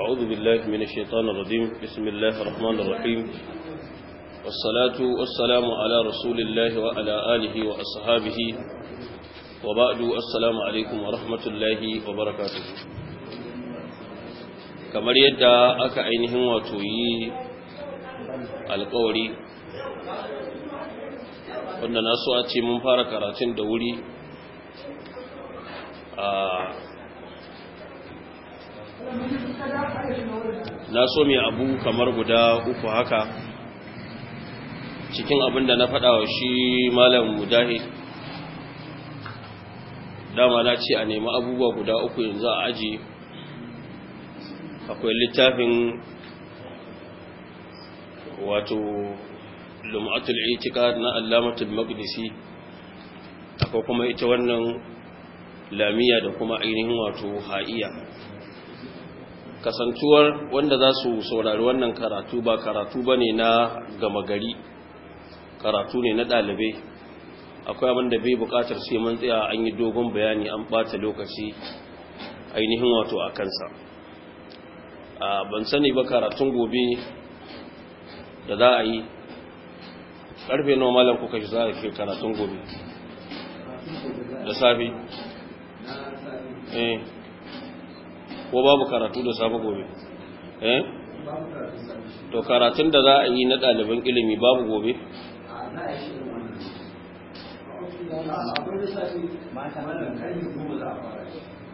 أعوذ بالله من الشيطان الرجيم بسم الله الرحمن الرحيم والصلاة والسلام على رسول الله وعلى آله وأصحابه وبعد السلام عليكم ورحمة الله وبركاته kamar yadda aka ainihin wato yi alkawari wanda na so a ce mun fara karatun da wuri a na so mai abu kamar guda uku haka cikin abin da na faɗa wa shi malam mudahi dama na ce a nemi abubuwa guda uku yanzu a aji akwai littafin wato lum'atul itika na allamatul maqdisi akwai kuma ita wannan lamiya da kuma ainihin wato ha'iya kasantuwar wanda za su saurari wannan karatu ba karatu ba ne na gama gari karatu ne na ɗalibai akwai abin da bai buƙatar sai mun tsaya an yi dogon bayani an bata lokaci ainihin wato a kansa ban sani ba karatun gobe da za a yi ƙarfe nawa malam kuka shi za a ke karatun gobe da safi eh ko babu karatu da safe gobe eh to karatun da za a yi na ɗaliban ilimi babu gobe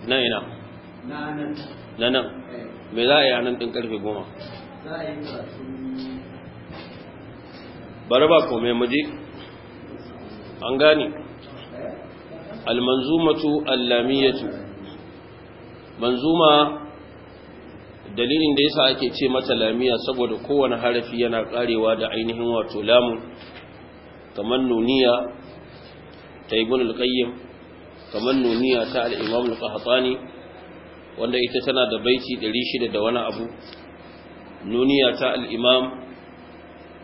na ina na nan me za a yi a nan ɗin ƙarfe goma bari ba kome muje an gane almanzumatu allamiyatu manzuma dalilin da yasa ake ce mata lamiya saboda kowane harafi yana karewa da ainihin wato Lamu, kamar nuniya ta ibn al-qayyim kamar nuniya ta al-imam al-qahtani wanda ita tana da baiti 600 da wani abu nuniya ta al-imam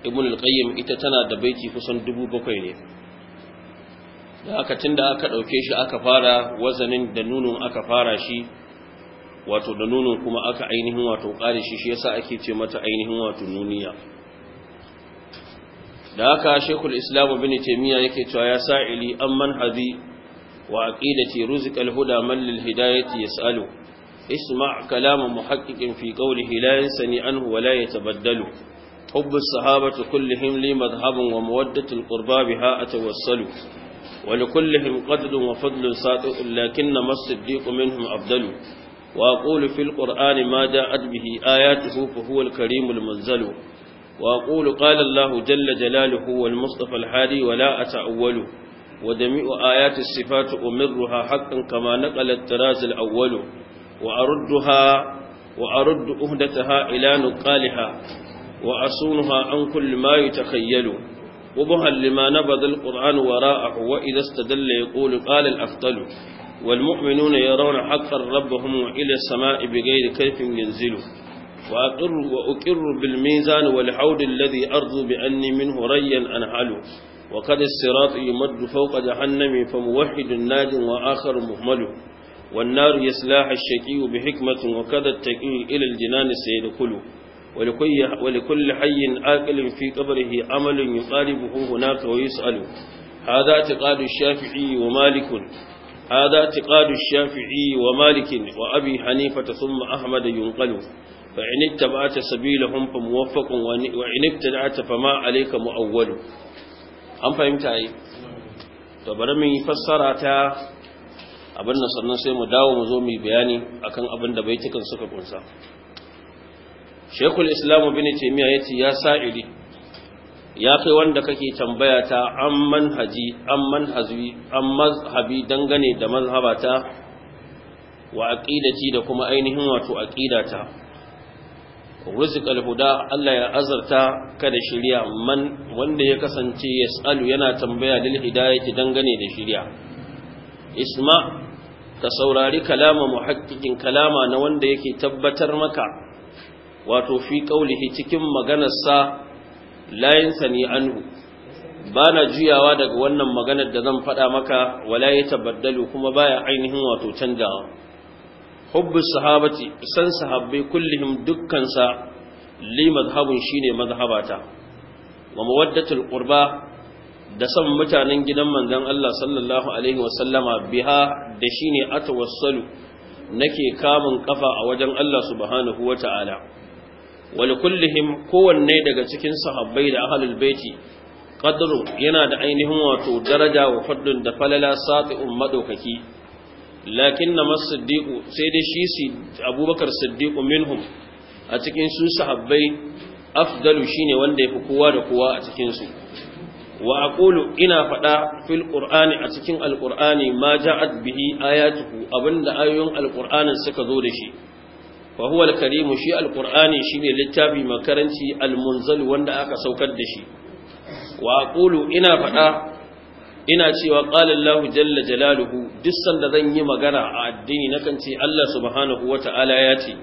ibn al-qayyim ita tana da baiti kusan 700 ne da aka tunda aka dauke shi aka fara wazanin da nunun aka fara shi wato da nunin kuma aka ainihin wato ƙare shi shi yasa ake ce mata ainihin wato nuniya da haka shekul islam bin taimiyya yake cewa ya sa'ili an manhazi wa aqidati ruzq al-huda man lil hidayati yas'alu isma' kalama muhaqqiqin fi qawlihi la yansani anhu wa la yatabaddalu حب الصحابة كلهم لي مذهب ومودة القربى بها أتوسل ولكلهم قدر وفضل ساطئ لكن ما الصديق منهم أفضل وأقول في القرآن ما جاءت به آياته فهو الكريم المنزل وأقول قال الله جل جلاله والمصطفى الحادي ولا أتأوله ودميء آيات الصفات أمرها حقا كما نقل التراز الأول وأردها وأرد أهدتها إلى نقالها وأصونها عن كل ما يتخيل وبها لما نبذ القرآن وراءه وإذا استدل يقول قال الأفضل والمؤمنون يرون حقا ربهم إلى السماء بغير كيف ينزل وأقر, وأقر بالميزان والحوض الذي أرض بأني منه ريا أنحل وقد الصراط يمد فوق جهنم فموحد ناج وآخر مهمل والنار يسلاح الشكي بحكمة وكذا التقي إلى الجنان سيدخل ولكل حي آكل في قبره أمل يقالبه هناك ويسأل هذا اعتقاد الشافعي ومالك هذا اعتقاد الشافعي ومالك وأبي حنيفة ثم أحمد ينقل فإن اتبعت سبيلهم فموفق وإن ابتدعت فما عليك مؤول أم فهمت أي تبرمي فسرة abin da sannan sai mu dawo mu zo mu bayani akan abin da baitukan suka kunsa Sheikhul Islam Ibn ya yace ya sa'ili ya kai wanda kake tambaya ta an manhaji an manhaji an mazhabi dangane da mazhabata wa aqidati da kuma ainihin wato aqidata rizqal huda Allah ya azarta ka da shiriya man wanda ya kasance yasalu yana tambaya lil hidayati dangane da shirya. isma ka saurari kalama muhaddiqin kalama na wanda yake tabbatar maka wato fi qaulihi cikin maganarsa layin sani anhu ba na juyawa daga wannan maganar da zan faɗa maka wala ya tabaddalu kuma baya ainihin wato canjawa hubbu sahabati san sahabbai kullihim dukkansa li madhhabun shine madhhabata wa mawaddatul qurba da san mutanen gidan manzon Allah sallallahu alaihi wa sallama biha da shine atawassalu nake kamun kafa a wajen Allah subhanahu wata'ala wani kullihim kowanne daga cikin sahabbai da ahlul baiti qadru yana da ainihin wato daraja wa faddun da falala sati'un madaukaki lakin na masiddiqu sai dai shi si abubakar siddiqu minhum a cikin su sahabbai afdalu shine wanda yafi kowa da kowa a cikin su wa aqulu ina fada fil qur'ani a cikin alqur'ani ma ja'at bihi ayatuhu abinda ayoyin alqur'anin suka zo da shi wa karimu shi al-qur'ani shine littafi makaranci almunzalu wanda aka saukar da shi wa ina fada ina cewa qala Allah jalla jalaluhu duk sanda zan yi magana a addini nakan ce Allah subhanahu wata'ala ya ce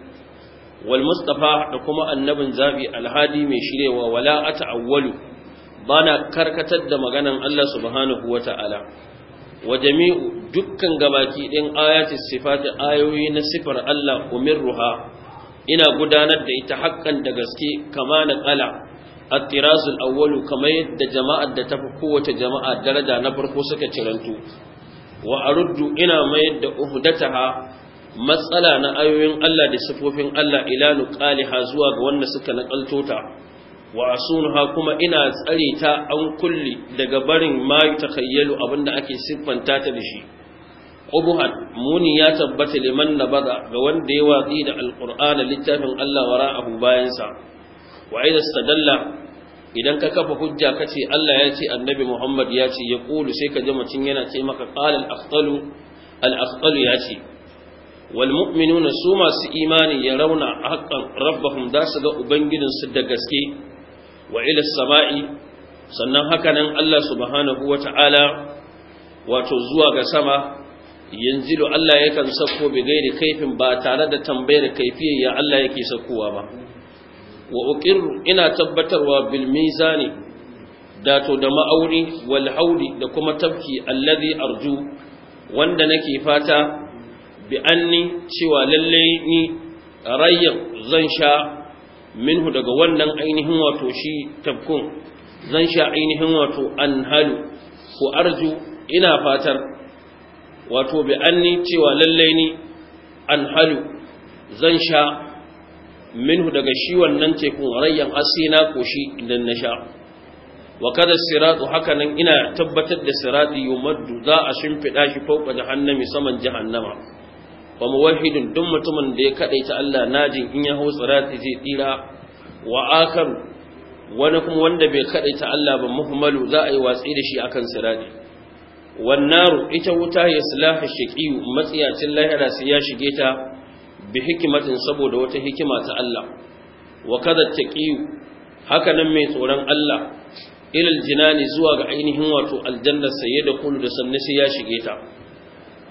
wal mustafa da kuma annabin zabi Alhadi hadi mai shirewa wala Auwalu? bana karkatar da maganar Allah subhanahu wata'ala wa jami'u dukkan gabaki ɗin ayati sifati ayoyi na sifar Allah umirruha ina gudanar da ita haƙƙan da gaske kama na ƙala at-tirazul awwalu kamar yadda jama'ar da tafi kowace jama'a daraja na farko suka cirantu wa aruddu ina mayar da uhdataha matsala na ayoyin Allah da sifofin Allah ila nuqaliha zuwa ga wanda suka nakalto wa asunha kuma ina tsare ta an kulli daga barin ma takhayyalu abinda ake siffanta ta da shi qubuhan muni ya tabbata liman nabada ga wanda ya watsi da alqur'ana littafin Allah wara'ahu bayan sa wa idza idan ka kafa hujja kace Allah ya ce annabi Muhammad ya ce ya kulu sai ka ji mutun yana ce maka qala al-afdalu al-afdalu ya ce su masu imani ya rauna haqqan rabbahum da su ga ubangijinsu da gaske wa ila sama'i sannan haka nan Allah subhanahu wata'ala wato zuwa ga sama yanzilu Allah yakan sako bi kaifin ba tare da tambayar kaifiyar ya Allah yake sakowa ba wa uqirru ina tabbatarwa bil mizani dato da ma'auni walhauri da kuma tabki allazi arju wanda nake fata bi anni cewa lallai ni rayyan zan sha minhu daga wannan ainihin wato shi tabkun zan sha ainihin wato an halu ku arju ina fatar wato bi anni cewa lalle ni an halu zan sha minhu daga shi wannan tekun rayyan asina ko shi idan na sha wa kada siratu hakanan ina tabbatar da sirati yumaddu za a shimfida shi fauka jahannami saman jahannama wa muwahhidin duk mutumin da ya kadaita Allah najin in ya hau sirati zai tsira wa wani kuma wanda bai kadaita Allah ba muhmalu za a yi watsi da shi akan sirati wannaru ita wuta ya silaha shaqi matsiyacin lahira sai ya shige ta bi hikimatin saboda wata hikima ta Allah wa kada taqiyu haka nan mai tsoron Allah ilal jinani zuwa ga ainihin wato aljanna sai da kullu da sanne sai ya shige ta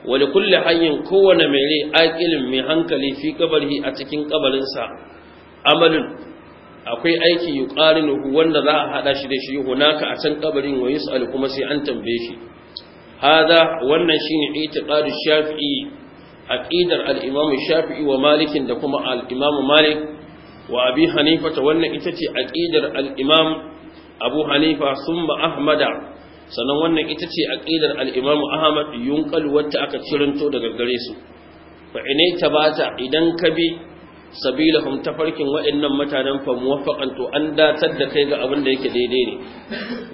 wani kulle hanyar kowane mai rai aƙilin mai hankali fi kabari a cikin kabarinsa amalin akwai aiki yi ƙarin wanda za a haɗa shi da shi hunaka a can kabarin wa yus'al kuma sai an tambaye shi haza wannan shine itiqadu shafi'i a ƙidar imam shafi'i wa malikin da kuma al malik wa abi hanifa ta wannan ita ce a ƙidar imam abu hanifa summa ahmada sannan wannan ita ce aqidar al-Imam Ahmad yunqal wacce aka cirinto daga gare su fa inaita bata idan ka bi sabilahum tafarkin wa'annan mutanen fa muwaffaqan to an datar da kai ga abin da yake daidai ne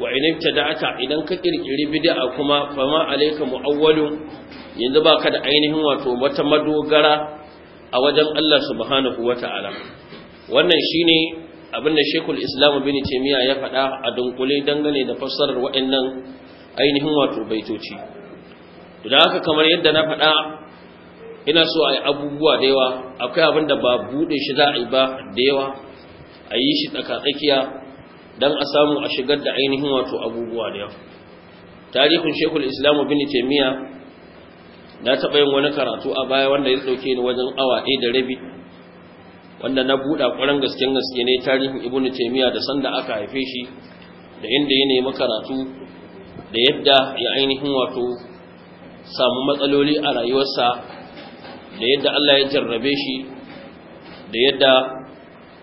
wa in ibtada'ata idan ka kirkiri bid'a kuma fama ma alayka mu'awwalin yanzu baka da ainihin wato wata madogara a wajen Allah subhanahu wata'ala wannan shine abinda shekul islam bin taimiyya ya faɗa a dunkule dangane da fassarar waɗannan ainihin wato baitoci da haka kamar yadda na faɗa ina so a yi abubuwa da yawa akwai abin da ba buɗe shi za a yi ba da yawa a yi shi tsaka-tsakiya, don a samu a shigar da ainihin wato abubuwa da yawa tarihin shekul islam bin taimiyya na taɓa yin wani karatu a baya wanda ya ɗauke ni wajen awa ɗaya da rabi wanda na buɗa ƙwarar gasken gaske ne tarihin ibn taymiya da sanda aka haife shi da inda ya nemi karatu da yadda ya ainihin wato samu matsaloli a rayuwarsa da yadda Allah ya jarrabe shi da yadda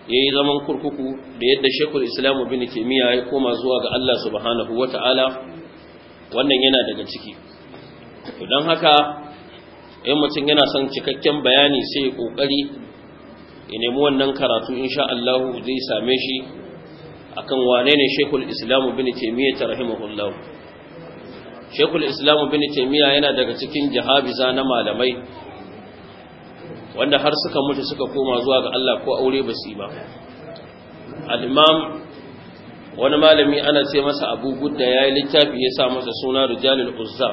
ya yi zaman kurkuku da yadda shekul islamu bin kimiyya ya koma zuwa ga Allah subhanahu wata'ala wannan yana daga ciki don haka yan mutum yana son cikakken bayani sai ya ƙoƙari ya nemi wannan karatu in sha Allah zai same shi akan wane ne Sheikhul Islam ta Taymiyyah rahimahullah Sheikhul Islam bin Taymiyyah yana daga cikin jahabiza na malamai wanda har suka mutu suka koma zuwa ga Allah ko aure ba su ba al-Imam wani malami ana ce masa Abu Gudda yayi littafi ya sa masa suna Rijalul Uzza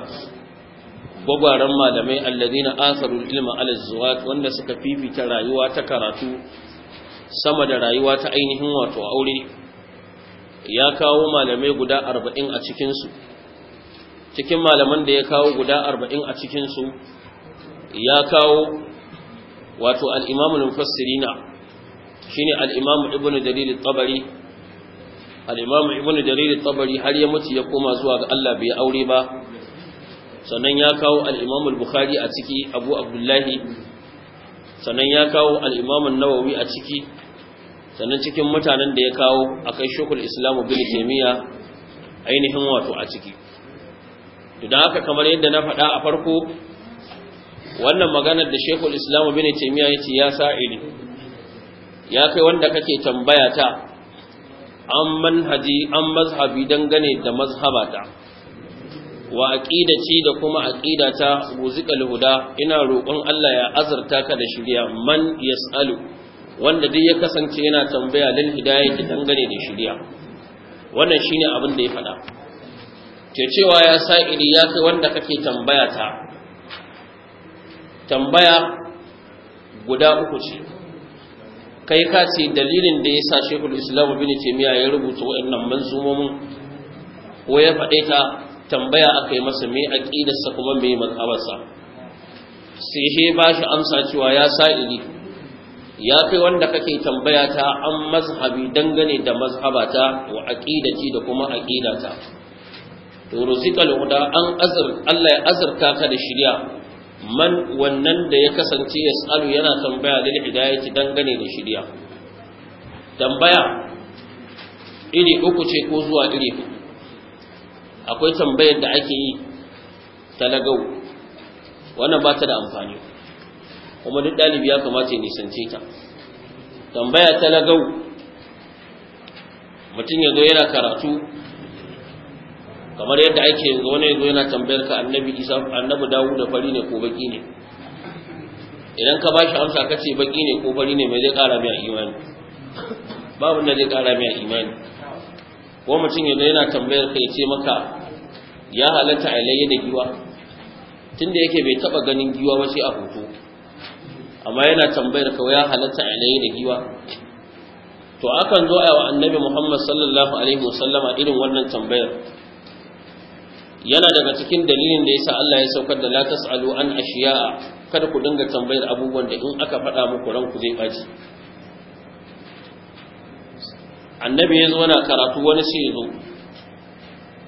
gwagwaran malamai alladina asarul ilma ala zuwat wanda suka fifita rayuwa ta karatu sama da rayuwa ta ainihin wato aure ya kawo malamai guda 40 a cikin su cikin malaman da ya kawo guda 40 a cikin su ya kawo wato al-imamu al-mufassirina shine al-imamu ibnu dalil at-tabari al-imamu ibnu dalil at-tabari har ya mutu ya koma zuwa ga Allah bai aure ba sannan ya kawo al al-Bukhari a ciki Abu Abdullahi sannan ya kawo al nawawi a ciki sannan cikin mutanen da ya kawo a kai shukul islamu Ibn Taymiyyah ainihin wato a ciki Idan haka kamar yadda na faɗa a farko wannan maganar da islamu Islam taimiyya ya ce ya sa'ili ya kai wanda kake tambaya ta an manhaji an mazhabi dangane da mazhabata wa aqidati da kuma aqidata guzikal huda ina roƙon Allah ya azurta ka da shiriya man yasalu wanda duk ya kasance yana tambaya lil ki dangane da shirya? wannan shine abin da ya faɗa ke cewa ya sa'ili ya kai wanda kake tambaya ta tambaya guda uku ce kai ka ce dalilin da ya sa shekul islam bin taimiyya ya rubuta waɗannan manzumomin ko ya faɗe tambaya aka yi masa mai aƙidarsa kuma mai mazhabarsa sai he ba shi amsa cewa ya sa'ili ya fi wanda kake tambaya ta an mazhabi dangane da mazhabata wa aƙidaci da kuma aƙidata. to ruziqal huda an azar Allah ya azurta ka da shirya, man wannan da ya kasance ya tsalu yana tambaya lil hidayati dangane da shirya. tambaya iri uku ce ko zuwa iri uku akwai tambayar da ake yi talagau wannan ba ta da amfani kuma duk ɗalibi ya kamata ya nisance ta tambaya talagau mutum ya zo yana karatu kamar yadda ake yanzu wani ya zo yana tambayar ka annabi isa annabi dawo da fari ne ko baki ne idan ka bashi amsa ka ce baki ne ko fari ne mai zai ƙara mai imani babu na zai ƙara mai imani ko mutum ya yana tambayar ka ya ce maka ya halatta a da giwa tunda yake bai taba ganin giwa ba sai a hoto amma yana tambayar ka ya halatta a da giwa to akan zo a annabi Muhammad sallallahu alaihi wasallama irin wannan tambayar yana daga cikin dalilin da yasa Allah ya saukar da la tasalu an ashiya kada ku dinga tambayar abubuwan da in aka faɗa muku ranku zai baci annabi ya zo na karatu wani sai ya zo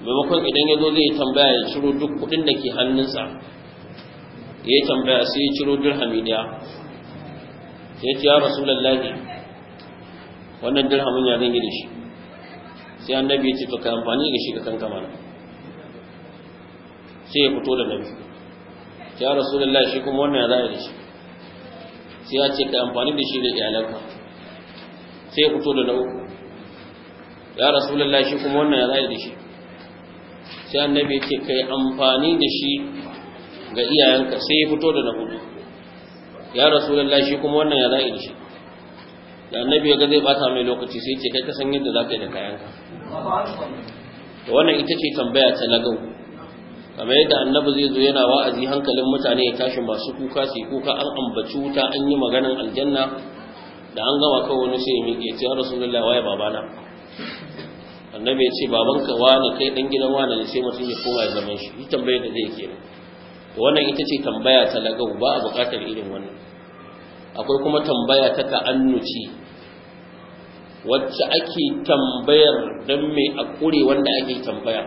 maimakon idan ya zo zai tambaya ya ciro duk kudin da ke hannunsa ya tambaya sai ya ciro dirhami daya sai ya ce ya rasulallahi wannan dirhamin ya zan yi da shi sai annabi ya ce to ka amfani da shi ka kan kamar sai ya fito da nabi ya rasulullahi shi kuma wannan ya za da shi sai ya ce ka amfani da shi da iyalanka sai ya fito da na uku ya rasulullah shi kuma wannan ya zai da shi sai annabi yake kai amfani da shi ga iyayenka sai ya fito da na hudu ya rasulullah shi kuma wannan ya zai da shi da annabi ya ga zai bata mai lokaci sai ce kai ka san yadda za ka yi da kayanka da wannan ita ce tambaya ta lagau kamar yadda annabi zai zo yana wa'azi hankalin mutane ya tashi masu kuka su kuka an ambaci wuta an yi maganan aljanna da an gama kawo wani sai ya miƙe ce ya rasulullah waye babana annabi ya ce baban ka wani kai dan gidan wani ne sai mutum ya koma ya zaman shi yi tambayar da zai kenan wannan ita ce tambaya ta lagau ba a buƙatar irin wannan akwai kuma tambaya ta ta'annuci wacce ake tambayar dan me a ƙure wanda ake tambaya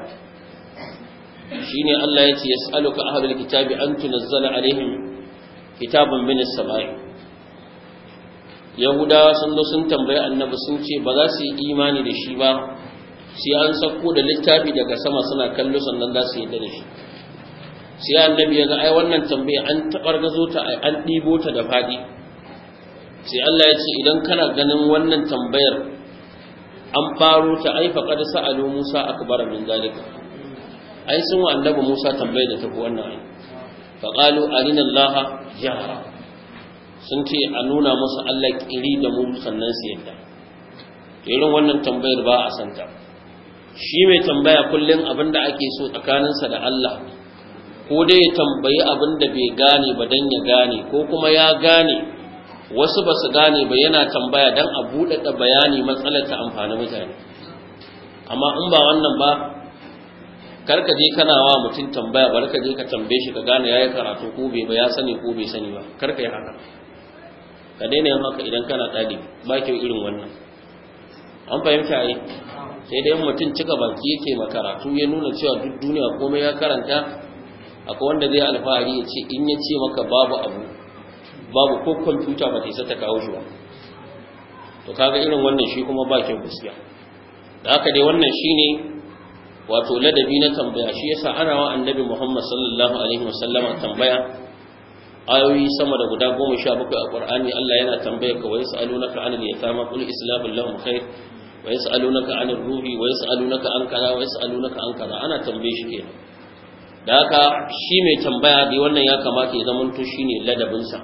shine Allah ya ce yas'aluka ahlul kitabi an tunazzala alaihim kitabun min as-sama'i yahudawa sun zo sun tambayi annabi sun ce ba za su yi imani da shi ba sai an sako da littafi daga sama suna kallo sannan za su yi da shi sai annabi ya ga ai wannan tambaya an gazo ta an ɗibo ta da faɗi sai Allah ya ce idan kana ganin wannan tambayar an faro ta ai faqad sa'alu Musa akbar min zalika ai sun wa annabi Musa tambayar da ta ku wannan ai faqalu arina Allah jahra sun ce a nuna musu Allah kiri da mu sannan su yadda irin wannan tambayar ba a santa shi mai tambaya kullum abin da ake so tsakaninsa da Allah ko dai ya tambayi abin da bai gane ba don ya gane ko kuma ya gane wasu ba su gane ba yana tambaya don a buɗaɗa bayani matsalar ta amfani mutane amma in ba wannan ba karka je kana wa mutum tambaya ba ka je ka tambaye shi ka gane ya karatu ko bai ba ya sani ko bai sani ba karka yi haka ka daina yin haka idan kana ɗalibi ba kyau irin wannan an fahimta yi sai dai mutum cika baki yake makaratu ya nuna cewa duk duniya komai ya karanta akwai wanda zai alfahari ya ce in ya ce maka babu abu babu ko kwamfuta ba ta isa ta kawo shi ba to kaga irin wannan shi kuma ba kyau gaskiya da haka dai wannan shi ne wato ladabi na tambaya shi yasa ana wa annabi Muhammad sallallahu alaihi wasallama tambaya ayoyi sama da guda goma sha bakwai a Qur'ani Allah yana tambaya ka wai sa'alunaka anil yatama qul islamul lahum khair wa yas'alunaka 'anil ruhi wa yas'alunaka an kaza wa yas'alunaka an kaza ana tambaye shi kenan da haka shi mai tambaya dai wannan ya kamata ya zama to shine ladabinsa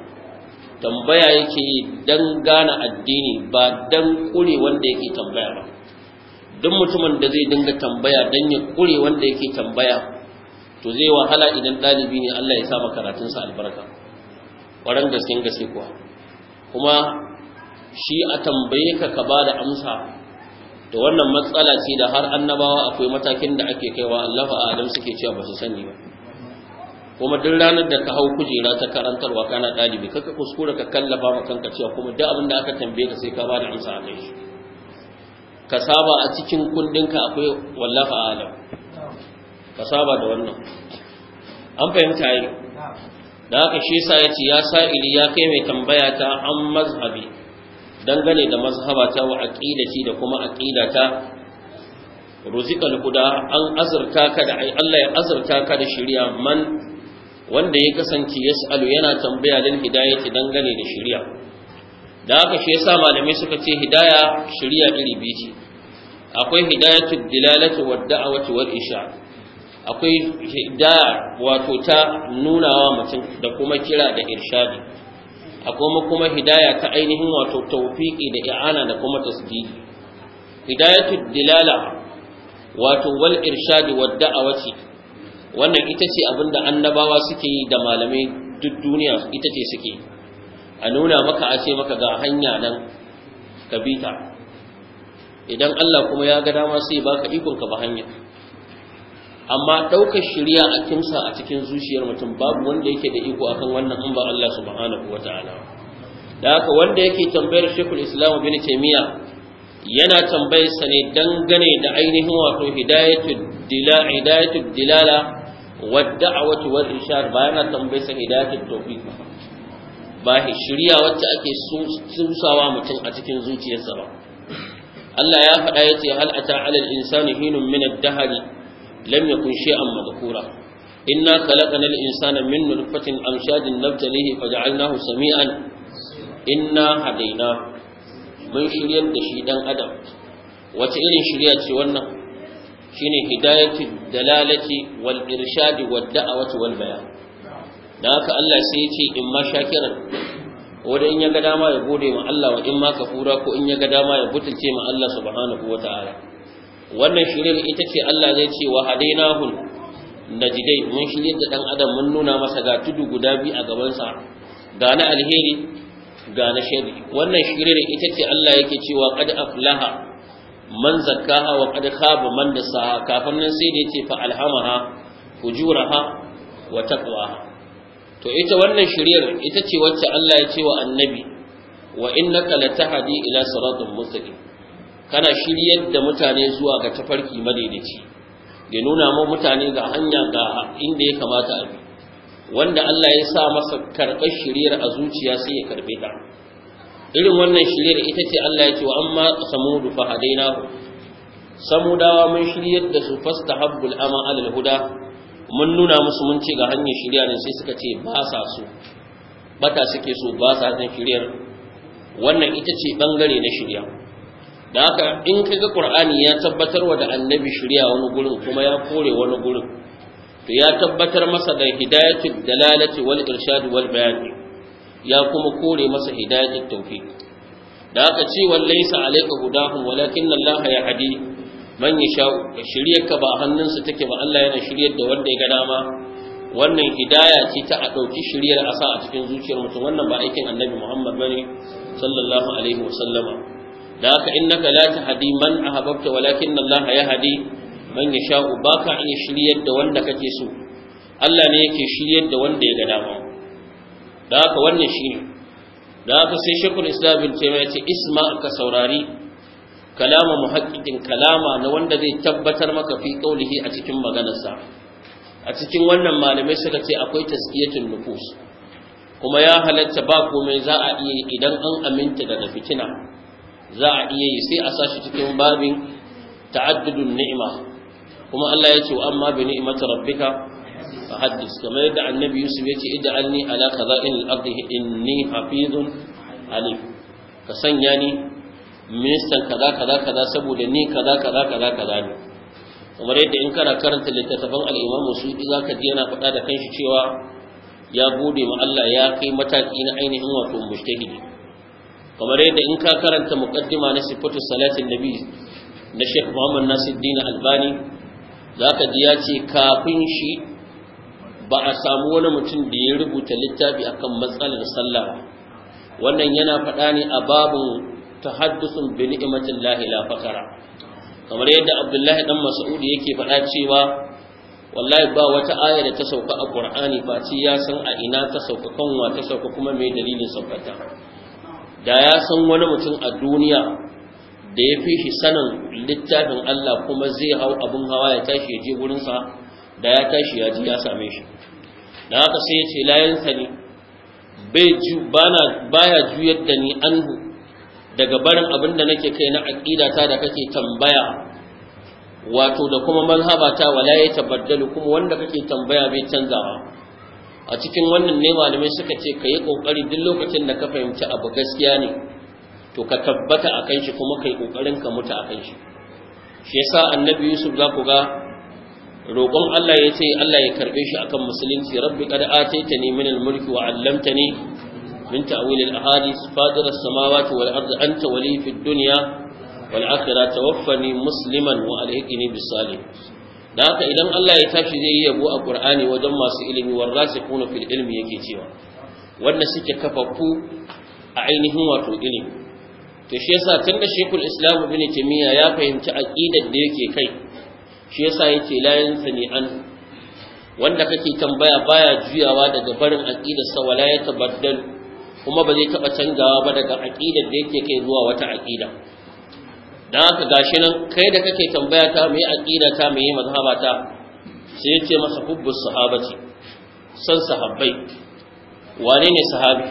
tambaya yake yi dan gane addini ba dan kure wanda yake tambaya ba duk mutumin da zai dinga tambaya dan ya kure wanda yake tambaya to zai wahala idan ɗalibi ne Allah ya sa karatunsa albarka ƙwarar gaske gaske kuwa kuma shi a tambaye ka ka ba da amsa to wannan matsala ce da har annabawa akwai matakin da ake kaiwa Allah fa Adam suke cewa ba su sani ba kuma duk ranar da ka hau kujera ta karantarwa kana ɗalibi kaka kuskura ka kallafa ma kanka cewa kuma duk abin da aka tambaye ka sai ka ba amsa a kai ka saba a cikin kundinka akwai wallafa alam ka saba da wannan an fahimta yi da haka shi sa ya ce ya sa'ili ya kai mai tambaya ta an mazhabi dangane da mazhabata wa aqidati da kuma aqidata ruzikal huda an azurta ka da ai Allah ya azurta ka da shari'a man wanda ya kasance yasalu yana tambaya dan hidayati dangane da shari'a da haka shi yasa malamai suka ce hidaya shari'a iri biyu ce akwai hidayatu dilalatu wa da'awati wal isha akwai hidaya wato ta nunawa mutum da kuma kira da irshadi akwai kuma hidaya ta ainihin wato tawfiqi da i'ana da kuma tasdidi hidayatul dilala wato wal irshadi wad da'awati wannan ita ce abinda annabawa suke yi da malamai duk duniya ita ce suke a nuna maka a ce maka ga hanya nan kabita idan Allah kuma ya ga dama sai baka ikon ka ba hanya amma ɗaukar shirya a kimsa a cikin zuciyar mutum babu wanda yake da iko akan wannan an ba Allah subhanahu wa ta'ala da haka wanda yake tambayar shekul islam bin taimiya yana tambayar sa ne dangane da ainihin wato hidayatul dilala wa da'awatu wal irshad ba yana tambayar sa hidayatul tawfiq ba shirya wacce ake susawa mutum a cikin zuciyarsa ba Allah ya faɗa yace hal ata alal insani hinun min ad-dahri lam yakun shay'an madhkura inna khalaqna al-insana min nutfatin amshajin nabtalihi faj'alnahu sami'an inna hadaina mun shiryar da shi dan adam wace irin shirya ce wannan shine hidayatul dalalati wal irshad wad da'wati wal da haka Allah sai ya ce in ma in ya ga dama ya gode ma Allah wa in ma kafura ko in ya ga dama ya butulce ma Allah subhanahu wannan shirin ita ce Allah zai ce wa hadaina hadainahul najidai mun shirin da dan adam mun nuna masa ga tudu guda biyu a gaban sa ga na alheri ga na sharri wannan shirin ita ce Allah yake cewa qad aflaha man zakkaha wa qad khaba man dasaha kafin nan sai da yace fa alhamaha fujuraha wa taqwaha to ita wannan shirin ita ce wacce Allah ya ce wa annabi wa innaka latahdi ila siratin mustaqim kana shiryar da mutane zuwa ga tafarki madaidaici ya nuna mu mutane ga hanya ga inda ya kamata a bi wanda Allah ya sa masa karɓar shiryar a zuciya sai ya karɓe ta irin wannan shiryar ita ce Allah ya ce wa amma samudu fa hadainahu samudawa mun shiryar da su fastahabbul ama alal huda mun nuna musu mun ce ga hanyar shirya ne sai suka ce ba sa so bata suke so ba sa san shiryar wannan ita ce bangare na shirya da haka in kaga qur'ani ya tabbatar wa da annabi shari'a wani gurin kuma ya kore wani gurin to ya tabbatar masa da hidayatul dalalati wal irshad wal bayan ya kuma kore masa hidayatul tawfiq da haka ce laysa alayka hudahum walakin Allah ya hadi man yasha ka ba hannunsa take ba Allah yana shiryar da wanda ya ga dama wannan hidaya ce ta a ɗauki shiryar asa a cikin zuciyar mutum wannan ba aikin annabi Muhammad bane sallallahu alaihi wasallama da haka innaka la tahdi man ahbabta walakin Allah hadi man yasha baka iya shiryar da wanda kake so Allah ne yake shiryar da wanda ya ga dama da haka wannan shine da haka sai shekul islam bin ce isma ka saurari kalama muhaqqiqin kalama na wanda zai tabbatar maka fi qaulihi a cikin maganarsa a cikin wannan malamai suka ce akwai taskiyatul nufus kuma ya halatta ba komai za a iya idan an aminta daga fitina za a iya yi sai a sashi cikin babin ta'addudun ni'ima kuma Allah ya ce amma bi ni'imati rabbika fa haddis kamar yadda annabi Yusuf ya ce ij'alni ala khaza'in al-ardi inni hafizun alim ka sanya ni ministan kaza kaza kaza saboda ni kaza kaza kaza kaza ne kamar yadda in kana karanta littattafan al su, za ka ji yana faɗa da kanshi cewa ya gode ma Allah ya kai mataki na ainihin wato mujtahidi kamar yadda in ka karanta muqaddima na sifatu salatin nabi na Sheikh Muhammad Nasiruddin Albani zaka ji ya ce kafin shi ba a samu wani mutum da ya rubuta littafi akan matsalar sallah wannan yana faɗa ne a babu tahaddusun bi ni'matillahi la fakara kamar yadda Abdullahi dan Mas'ud yake faɗa cewa wallahi ba wata aya da ta sauka a Qur'ani ba ci ya san a ina ta sauka kanwa ta sauka kuma me dalilin saukata. da ya san wani mutum a duniya da ya fi shi sanin littafin Allah kuma zai hau abin hawa ya tashi ya je gurinsa da ya tashi ya ji ya same shi da haka sai ya ce layansa ne baya juyar da ni anhu daga barin abin da nake kai na aƙidata da kake tambaya wato da kuma manhabata wala ya tabaddalu kuma wanda kake tambaya bai canzawa a cikin wannan ne malamai suka ce ka yi ƙoƙari duk lokacin da ka fahimci abu gaskiya ne to ka tabbata a kan shi kuma ka yi ƙoƙarin ka mutu a kan shi shi yasa annabi yusuf za ku ga roƙon allah ya ce allah ya karɓe shi akan musulunci rabbi qad ta min al-mulki wa 'allamtani min ta'wil al fadir as-samawati wal ardi anta wali fid dunya wal akhirati tawaffani musliman wa alhiqni bis salihin da haka idan Allah ya tashi zai yi yabo a Qur'ani wajen masu ilimi warasikuna fil ilmi yake cewa wanda suke kafaffu a ainihin wato ilimi to shi yasa tunda Sheikhul Islam Ibn Taymiyyah ya fahimci aqidar da yake kai shi yasa yake la yansani an wanda kake tambaya baya juyawa daga barin aqidar sa wala ya tabaddal kuma ba zai taba canzawa ba daga aqidar da yake kai zuwa wata aqida da haka gashi nan kai da kake tambaya ta mai aqida ta mai mazhaba ta sai ya ce masa hubbu sahabati san sahabbai wane ne sahabi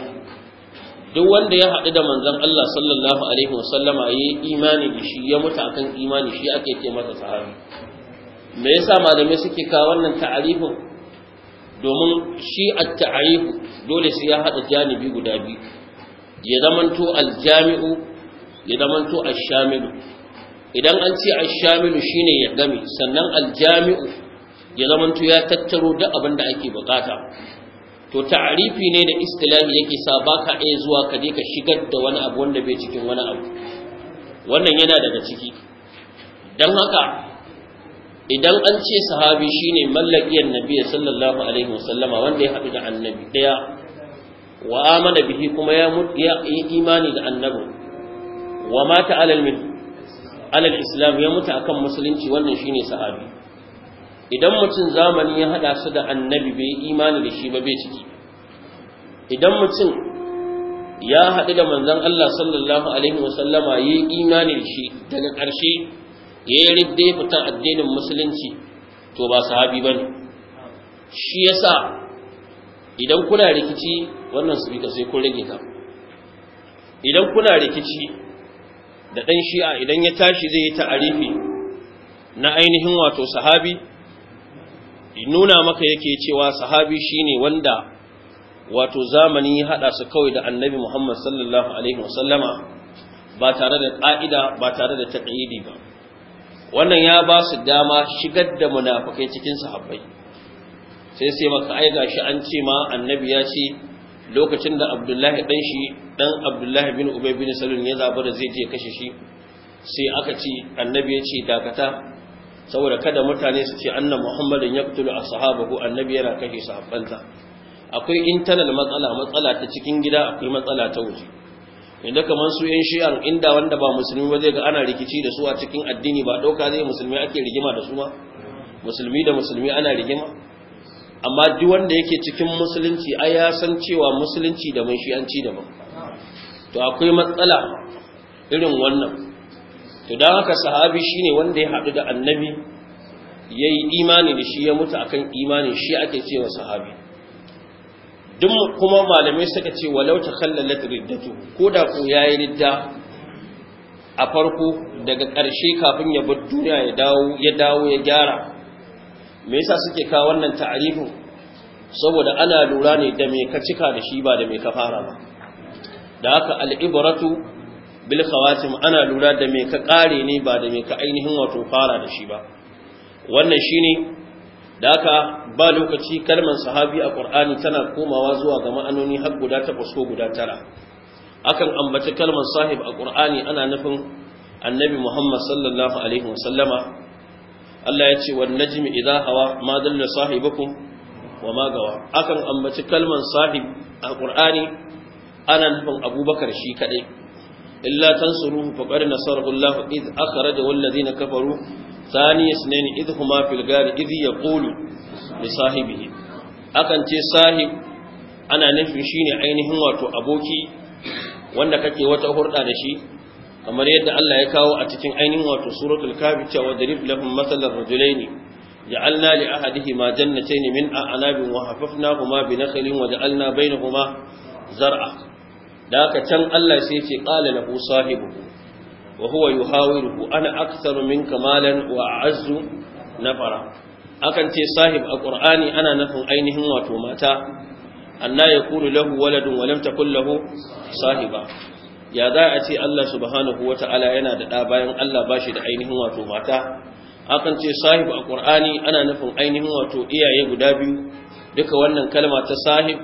duk wanda ya haɗu da manzon Allah sallallahu alaihi wasallama yayi imani da shi ya mutu akan imani shi ake ce masa sahabi me yasa malamai suke kawo wannan ta'arifin domin shi at-ta'arifu dole sai ya haɗa janibi guda biyu ya zamanto aljami'u. ya a ashamilu idan an ce ashamilu shine ya gami, sannan aljami'u ya zamanto ya tattaro da abin da ake bukata to ta'arifi ne da istilahi yake sa baka a zuwa ka je ka shigar da wani abu wanda bai cikin wani abu wannan yana daga ciki dan haka idan an ce sahabi shine mallakiyar nabi sallallahu alaihi wasallama wanda ya haɗu da annabi daya wa amana bihi kuma ya yi imani da annabi wa mata alal min alal islam ya mutu akan musulunci wannan shine sahabi idan mutum zamani ya hada su da annabi bai imani da shi ba bai ciki idan mutum ya haɗu da manzon Allah sallallahu alaihi wasallama yi imani da shi daga ƙarshe ya yi ridde fitar addinin musulunci to ba sahabi bane shi yasa idan kuna rikici wannan su bika sai kun rage ta idan kuna rikici da ɗan shi'a idan ya tashi zai yi ta'arifi na ainihin wato sahabi nuna maka yake cewa sahabi shine wanda wato zamani ya haɗa su kawai da annabi Muhammad sallallahu alaihi wasallama ba tare da ƙa'ida ba tare da taƙaidi ba wannan ya ba su dama shigar da munafukai cikin sahabbai sai sai maka ai gashi an ce ma annabi ya ce lokacin da abdullahi dan shi dan abdullahi bin ubay bin salul ya zaba da zai je kashe shi sai aka ce annabi ya ce dakata saboda kada mutane su ce anna muhammadin yaqtulu ko annabi yana kashe sahabbansa akwai internal matsala matsala ta cikin gida akwai matsala ta waje inda kamar su yan shi'an inda wanda ba musulmi ba zai ga ana rikici da su a cikin addini ba dauka zai musulmi ake rigima da su ba? musulmi da musulmi ana rigima amma duk wanda yake cikin musulunci ai ya san cewa musulunci da mun an ci daban to akwai matsala irin wannan to dan haka sahabi shine wanda ya hadu da annabi yayi imani da shi ya mutu akan imani shi ake cewa sahabi duk kuma malamai suka ce walau ta khallalat riddatu koda ko yayi ridda a farko daga ƙarshe kafin ya bar duniya ya dawo ya dawo ya gyara me yasa suke kawo wannan ta'arifin saboda ana lura ne da me ka cika da shi ba da me ka fara ba da haka al'ibratu bil khawatim ana lura da me ka kare ne ba da me ka ainihin wato fara da shi ba wannan shine da haka ba lokaci kalmar sahabi a qur'ani tana komawa zuwa ga ma'anoni har guda takwas ko guda tara akan ambaci kalmar sahib a qur'ani ana nufin annabi muhammad sallallahu alaihi wasallama Allah ya ce wan najmi idha hawa ma dalla sahibukum wa ma gawa akan ambaci kalman sahib a Qur'ani ana nufin Abubakar shi kadai illa tansuruhu faqad nasarahu Allah id akhraja wal ladina kafaru thani isnayn id huma fil gari id yaqulu li sahibihi akan ce sahib ana nufin shine ainihin wato aboki wanda kake wata hurda da shi kamar yadda Allah ya kawo a cikin ainihin wato suratul kafi cewa darib lahum masalan rajulaini ja'alna li ahadihima jannatayn min a'nabin wa hafafnahuma bi nakhlin wa ja'alna bainahuma zar'a da haka can Allah sai ce qala lahu sahibuhu wa huwa yuhawiruhu ana aktharu minka malan wa a'azzu nafara akan ce sahib a ana nufin ainihin wato mata anna yakulu lahu waladun wa lam takul lahu sahiba ya za a ce Allah subhanahu wa ta'ala yana da ɗa bayan Allah ba shi da ainihin wato mata akan ce sahib a ƙur'ani ana nufin ainihin wato iyaye guda biyu duka wannan kalma ta sahib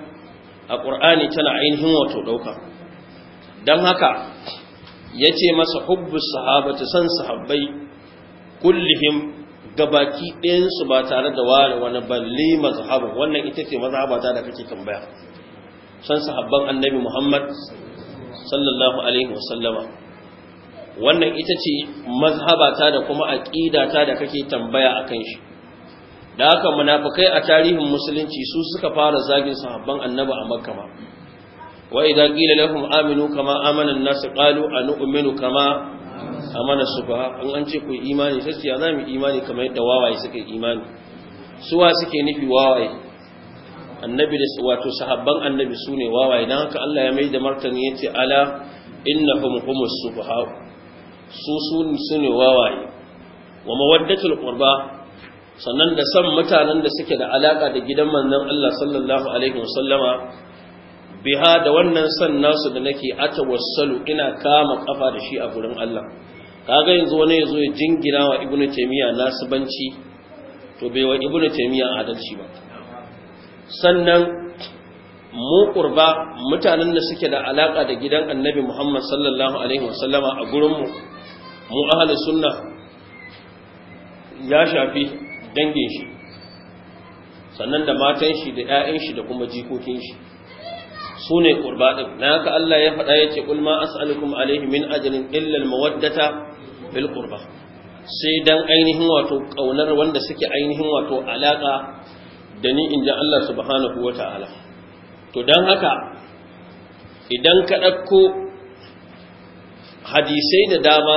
a ƙur'ani tana ainihin wato ɗauka don haka ya ce masa sahaba ta san sahabbai kullihim gabaki ɗayansu ba tare da ware wani balle mazhabin wannan ita ce mazhabata da kake tambaya san sahabban annabi muhammad sallallahu alaihi wasallama wannan ita ce mazhabata da kuma aqidata da kake tambaya akan shi da haka munafikai a tarihin musulunci su suka fara zagin sahabban annabi a makka ma wa idza qila lahum aminu kama amana an-nas qalu anu'minu kama amana subha in an ce ku imani sai ya zamu imani kamar yadda wawaye suka imani suwa suke nufi wawaye annabi da wato sahabban annabi su ne wawaye don haka Allah ya mai da martani ya ce ala hum humus sufaha su su ne wawaye wa mawaddatul qurba sannan da san mutanen da suke da alaka da gidan manzon Allah sallallahu alaihi wasallama biha da wannan san nasu da nake atawassalu ina kama kafa da shi a gurin Allah kaga yanzu wani yazo ya jingina wa ibnu taymiya nasibanci to bai wa ibnu taymiya adalci ba sannan mu kurba mutanen da suke da alaka da gidan annabi Muhammad sallallahu alaihi wasallama a gurinmu mu ahli sunna ya shafi dangin shi sannan da matan shi da ƴaƴan shi da kuma jikokin shi su ne kurba din na haka Allah ya faɗa ya ce kul ma as'alukum alaihi min ajrin illa mawaddata bil ƙurba. sai dan ainihin wato kaunar wanda suke ainihin wato alaka da ni in ji Allah subhanahu wa ta'ala to don haka idan ka ɗakko hadisai da dama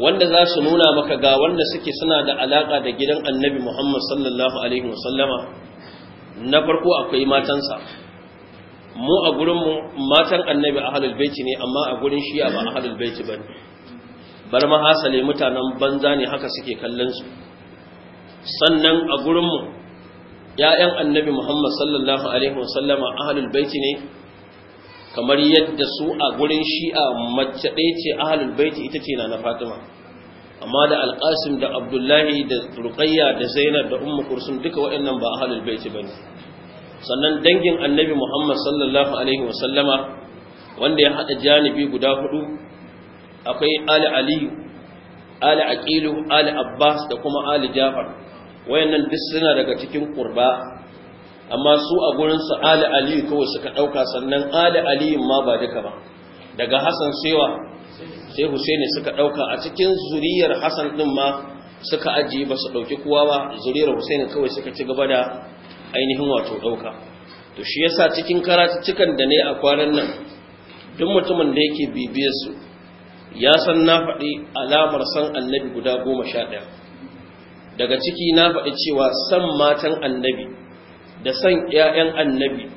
wanda za su nuna maka ga wanda suke suna da alaƙa da gidan annabi Muhammad sallallahu Alaihi wasallama na farko akwai matansa mu a gurinmu matan annabi a halulbeci ne amma a gurin shi'a ba a halulbeci ba ne bar mahasale mutanen banza ne haka suke kallonsu sannan a gurinmu ‘ya'yan annabi Muhammad sallallahu Alaihi wasallama ahalul baiti ne, kamar yadda su a gurin shi'a mace ɗaya ce ahalul baiti ita ce na na Fatima, amma da Alƙasim da Abdullahi da Rukayya da Zainab da Umma Kursun duka waɗannan ba ahalul baiti ba ne. Sannan dangin annabi Muhammad sallallahu Alaihi wasallama wanda ya haɗa janibi guda hudu akwai Ali Aliyu, Ali Aqilu, Ali Abbas da kuma Ali Jafar. wayannan duk suna daga cikin ƙurba amma su a gurin su ali aliyu kawai suka ɗauka sannan ali Aliyu ma ba duka ba daga hassan sewa sai husaini suka ɗauka a cikin zuriyar hassan ɗin ma suka ajiye ba su ɗauki kowa ba zuriyar husaini kawai suka ci gaba da ainihin wato ɗauka to shi yasa cikin karatuttukan da ne a kwanan nan duk mutumin da yake bibiyar su ya san na faɗi alamar san annabi guda goma sha ɗaya daga ciki na faɗi cewa san matan annabi da san 'ya'yan annabi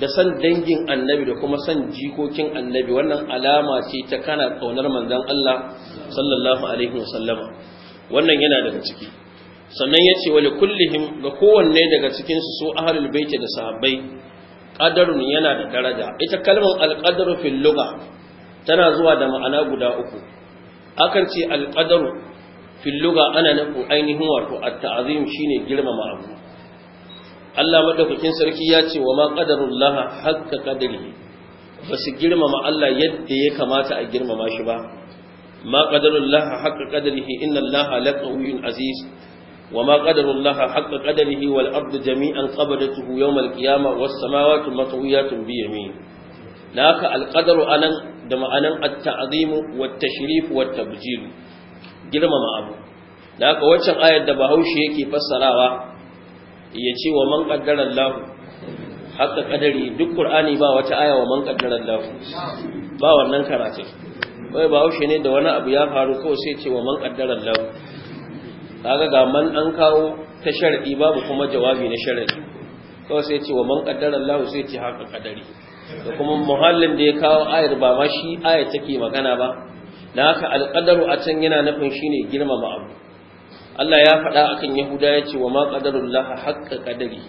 da san dangin annabi da kuma san jikokin annabi wannan alama ce ta kana kaunar manzan Allah sallallahu alaihi wasallama wannan yana daga ciki sannan yace wani kullihim ga kowanne daga cikin su su ahlul baiti da sahabbai qadarun yana da daraja ita kalmar alqadaru fil lugha tana zuwa da ma'ana guda uku akan ce alqadaru filluga ana nufin ainihin wato at-ta'zim shine girmama abu Allah madaukakin sarki ya ce wa ma qadarullah hakka qadari ba su girmama Allah yadda ya kamata a girmama shi ba ma qadarullah hakka qadarihi inna Allah laqawiyyun aziz wa ma qadarullah hakka qadarihi wal ardu jami'an qabadatuhu yawm al-qiyamah was samawati matwiyatun bi yamin naka al-qadaru anan da ma'anan at-ta'zimu wat-tashrif wat-tabjil girmama abu da aka waccan ayar da bahaushe yake fassarawa ya ce wa man qaddara Allah haka kadari duk qur'ani ba wata aya wa man qaddara Allah ba wannan karatun wai bahaushe ne da wani abu ya faru kawai sai ce wa man qaddara Allah kaga ga man an kawo ta sharadi babu kuma jawabi na sharadi kawai sai ce wa man qaddara Allah sai ce haka kadari da kuma muhallin da ya kawo ayar ba ma shi ayar take magana ba da haka alƙadaru a can yana nufin ne girmama abu Allah ya faɗa akan Yahuda ya ce wa ma qadarullah haqqa ƙadari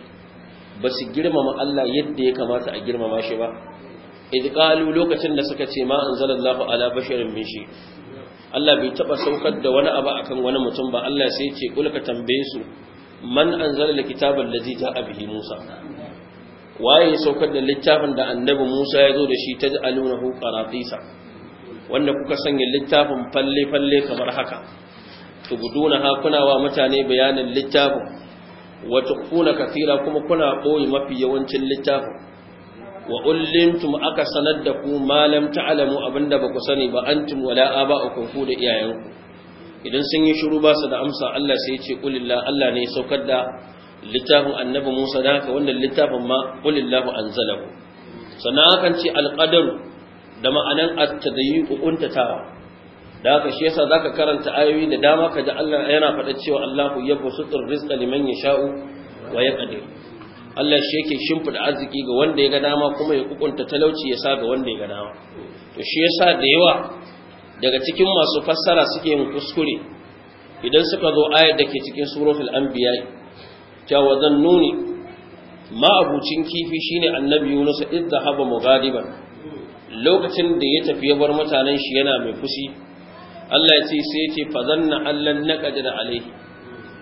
ba su girmama Allah yadda ya kamata a girmama shi ba idh lokacin da suka ce ma anzalallahu ala basharin min shi Allah bai taba saukar da wani abu akan wani mutum ba Allah sai ce kula ka tambaye su man anzala alkitaba allazi ja'a bihi Musa waye ya saukar da littafin da annabi Musa ya zo da shi ta taj'alunahu qaratisa wanda kuka sanya littafin falle-falle kamar haka gudu ha kuna wa mutane bayanin littafin wata kuna kafira kuma kuna ɓoye mafi yawancin littafin wa ullintum aka sanar da ku malam ta'alamu abinda ba ku sani ba antum wala a ku da iyayenku idan sun yi shiru ba su da amsa Allah sai ce qulillah Allah ne saukar da littafin annabi Musa da haka wannan littafin ma an anzalahu sannan akan ce alqadar da ma'anan attadayi ukuntatawa da haka shi yasa zaka karanta ayoyi da dama kaji Allah yana faɗa cewa Allahu yabsutur rizqa liman yasha'u wa yaqdir Allah shi yake shimfida arziki ga wanda ya ga dama kuma ya kukunta talauci ya sa ga wanda ya ga dama to shi yasa da yawa daga cikin masu fassara suke yin kuskure idan suka zo ayar da ke cikin suratul anbiya cewa zan nuni ma abucin kifi shine annabi Yunus idh haba mugadiban lokacin da ya tafi ya bar mutanen shi yana mai fushi Allah ya ce sai ya ce fa zanna allan naqadir alaihi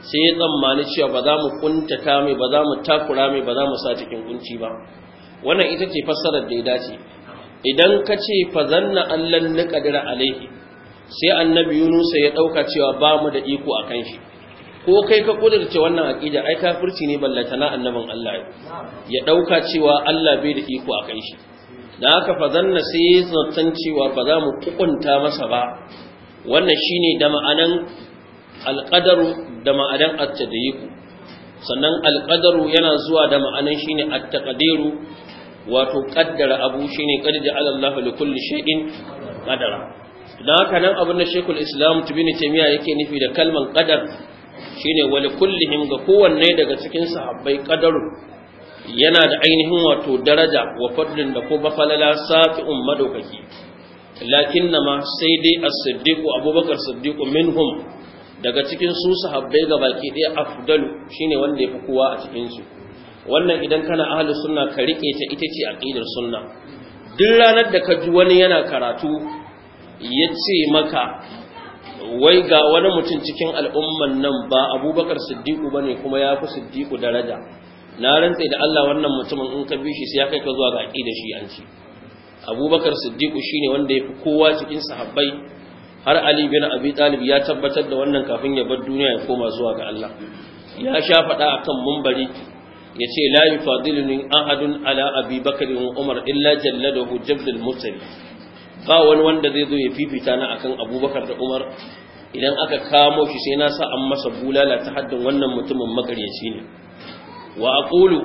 sai ya tsammani cewa ba za mu kuntata mai ba za mu takura mai ba za mu sa cikin kunci ba wannan ita ce fassarar da ya dace idan ka ce fa zanna allan naqadir alaihi sai annabi Yunus ya dauka cewa ba mu da iko akan shi ko kai ka kudurce wannan aqida ai kafirci ne ballatana annabin Allah ya dauka cewa Allah bai da iko akan shi da aka fa zanna sai zartan cewa ba za mu kukunta masa ba wannan shine da ma'anan alqadaru da ma'anan at sannan alqadaru yana zuwa da ma'anan shine at wato qaddara abu shine qad ja'ala Allah li kulli shay'in qadara dan haka nan abin da Sheikhul Islam Ibn Taymiyyah yake nufi da kalman qadar shine wani kullihim ga kowanne daga cikin sahabbai qadaru yana da ainihin wato daraja wa fadlin da ko bafalala safi'un madaukaki lakin ma sai dai a siddiku abubakar siddiku minhum daga cikin su sahabbai ga baki ɗaya afdalu shine wanda yafi kowa a cikin su wannan idan kana ahlus sunna ka rike ta ita ce aqidar sunna duk ranar da ka ji wani yana karatu ya ce maka wai ga wani mutum cikin al'umman nan ba abubakar siddiku bane kuma ya fi siddiku daraja na rantse da Allah wannan mutumin in ka bi shi sai ya kai ka zuwa ga aqida shi an ci Abubakar Siddiq shine wanda yafi kowa cikin sahabbai har Ali bin Abi Talib ya tabbatar da wannan kafin ya bar duniya ya koma zuwa ga Allah ya sha faɗa akan mumbari ya ce la yufadiluni ahadun ala Abi Bakr wa Umar illa jalladahu jabdul mursal ba wani wanda zai zo ya fifita na akan Abubakar da Umar idan aka kamo shi sai na sa an masa bulala ta haddin wannan mutumin makaryaci ne wa aqulu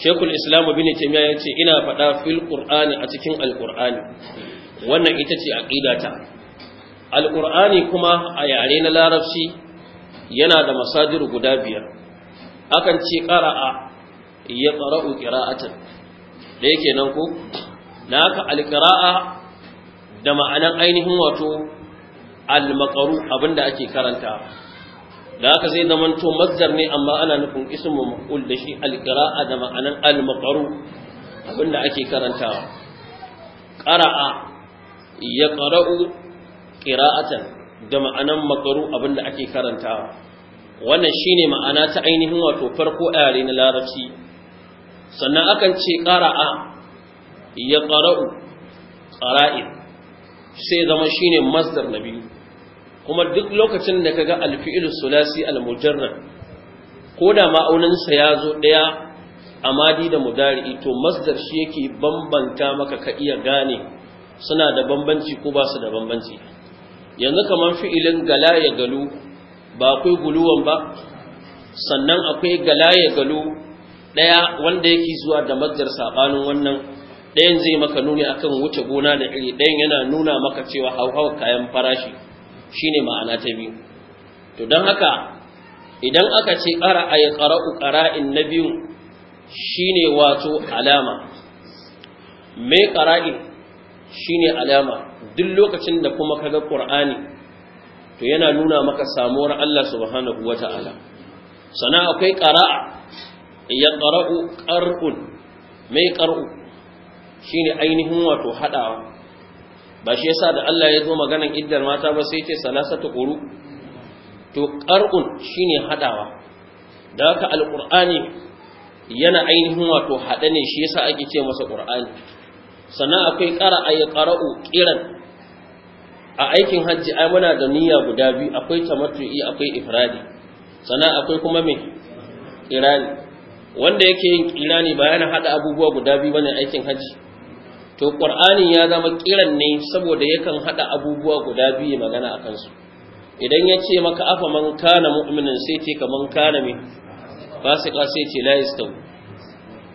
shaykhul islam bin taymiya yace ina faɗa fil qur'ani a cikin alqur'ani wannan ita ce aqidata alqur'ani kuma a yare na larabci yana da masadir guda biyar akan ce qara'a ya qara'u qira'atan da yake nan ko na haka alqira'a da ma'anan ainihin wato almaqru abin abinda ake karanta da sai zai to mazdar ne amma ana nufin ismu maf'ul da shi alqira'a da ma'anan al abinda ake karantawa qara'a yaqra'u qira'atan da ma'anan maqru abinda ake karantawa wannan shine ma'ana ta ainihin wato farko a yare na larabci sannan akan ce qara'a yaqra'u qara'in sai zama shine mazdar na biyu kuma duk lokacin da kaga alfi'il sulasi almujarrad ko da ma'aunin sa ya zo daya amadi da mudari to masdar shi yake bambanta maka ka iya gane suna da bambanci ko ba su da bambanci yanzu kaman fi'ilin gala ya galu ba akwai guluwan ba sannan akwai gala ya galu daya wanda yake zuwa da masdar sabanin wannan ɗayan zai maka nuni akan wuce gona da iri ɗayan yana nuna maka cewa hauhawar kayan farashi shine ma'ana ta biyu to don haka idan aka ce ƙara a ya ƙara'u ƙara'in na biyu shine wato alama mai ƙara'in shine alama duk lokacin da kuma kaga ƙur'ani to yana nuna maka samuwar Allah subhanahu wa ta'ala sana akwai ƙara'a ya ƙara'u ƙar'un mai ƙar'u shine ainihin wato haɗawa ba shi yasa da Allah ya zo maganan iddar mata ba sai ce salasatu quru to qar'un shine hadawa da haka alqur'ani yana ainihin wato hada ne shi yasa ake ce masa qur'ani sannan akwai qara ay qara'u qiran a aikin hajji ai muna da niyya guda biyu akwai tamattu'i akwai ifradi sannan akwai kuma me qirani wanda yake yin qirani ba yana hada abubuwa guda biyu bane aikin hajji to qur'anin ya zama kiran ne saboda yakan hada abubuwa guda biyu magana akan su idan ya ce maka afa man kana mu'minin sai ce man kana me fasika sai ce la yastawi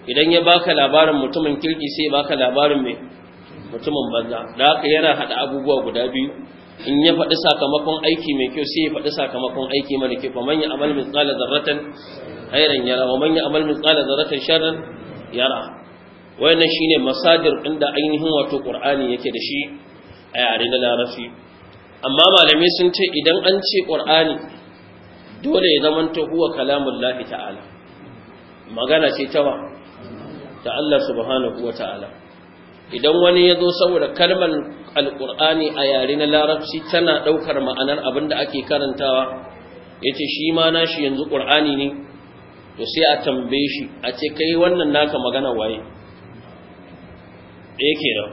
idan ya baka labarin mutumin kirki sai baka labarin me mutumin banza da haka yana hada abubuwa guda biyu in ya faɗi sakamakon aiki mai kyau sai ya faɗi sakamakon aiki mara kyau man ya amal mithqala zarratan hayran yara wa man ya amal mithqala zarratan sharran yara wannan shine masadir inda ainihin wato qur'ani yake da shi a yare na larabci amma malamai sun ce idan an ce qur'ani dole ya ta huwa kalamullahi ta'ala magana ce ta wa ta Allah subhanahu wa ta'ala idan wani ya zo saboda kalmar alqur'ani a yare na larabci tana daukar ma'anar abin da ake karantawa yace shi ma nashi yanzu qur'ani ne to sai a tambaye shi a ce kai wannan naka magana waye yake kenan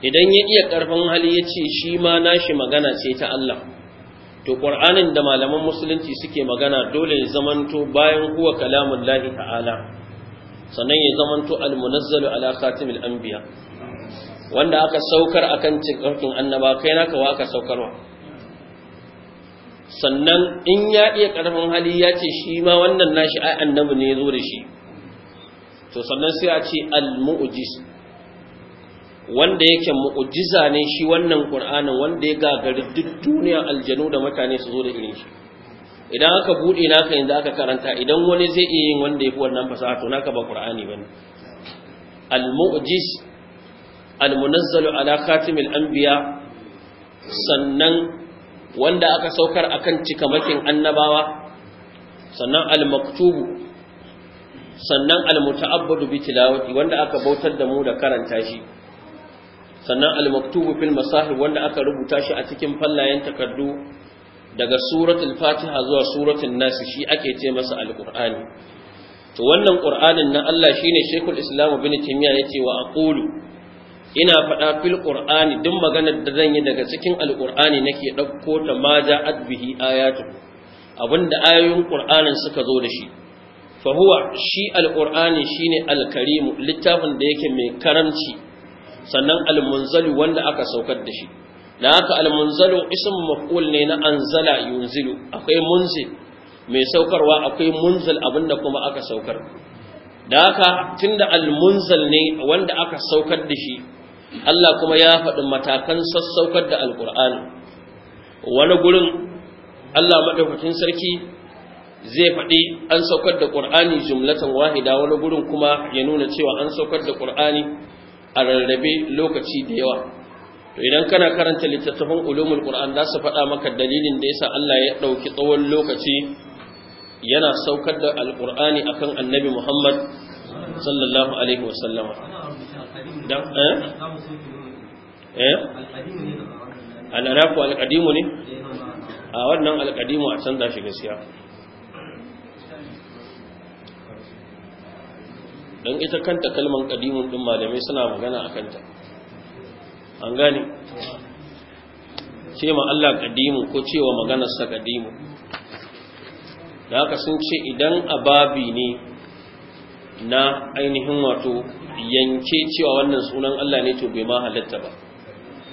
idan ya iya ƙarfin hali ya ce shi ma nashi magana ce ta Allah to qur'anin da malaman musulunci suke magana dole ya zamanto bayan huwa kalamun lahi ta'ala sannan ya zamanto al-munazzalu ala khatimil anbiya wanda aka saukar akan cikin annaba kai naka wa aka saukarwa sannan in ya iya karfin hali ya ce shi ma wannan nashi ai annabi ne ya zo da shi to sannan sai a ce al mujiz wanda yake mu'ujiza ne shi wannan Qur'anin wanda ya gagari duk duniya aljanu da mutane su zo da irin shi idan aka bude naka yanzu aka karanta idan wani zai iya yin wanda yafi wannan fasaha to naka ba Qur'ani bane al-mu'jiz al-munazzalu ala khatimil anbiya sannan wanda aka saukar akan cikamakin annabawa sannan al-maktubu sannan al-muta'abbadu bi tilawati wanda aka bautar da mu da karanta shi sannan al-maktubu fil masahib wanda aka rubuta shi a cikin fallayen takardu daga suratul fatiha zuwa suratul nas shi ake ce masa al-qur'ani to wannan qur'anin na Allah shine shaykhul islam ibn taymiya yace wa aqulu ina faɗa fil qur'ani duk maganar da zan yi daga cikin al-qur'ani nake dauko ta ma ja'at bihi ayatu abinda ayoyin qur'anin suka zo da shi fa huwa shi al-qur'ani shine al-karim littafin da yake mai karamci sannan almunzalu wanda aka saukar da shi da haka almunzalu ism maf'ul ne na anzala yunzilu akwai munzil mai saukarwa akwai munzil abinda kuma aka saukar da haka tunda almunzal ne wanda aka saukar da shi Allah kuma ya faɗi matakan sassaukar da alkur'ani wani gurin Allah madaukakin sarki zai faɗi an saukar da ƙur'ani jumlatan wahida wani gurin kuma ya nuna cewa an saukar da ƙur'ani a rarrabe lokaci da yawa to idan kana karanta littattafan ulumul qur'an za su faɗa maka dalilin da yasa Allah ya ɗauki tsawon lokaci yana saukar da alqur'ani akan annabi Muhammad sallallahu alaihi wasallam dan eh, eh? al qadimu ne a wannan al al-qadimu a canza shi gaskiya don ita kanta kalman ƙadimun din malamai suna magana a kanta an gane ce Allah ƙadimu ko cewa maganarsa ƙadimu da haka sun ce idan ababi ne na ainihin wato yanke cewa wannan sunan Allah ne to bai ma halatta ba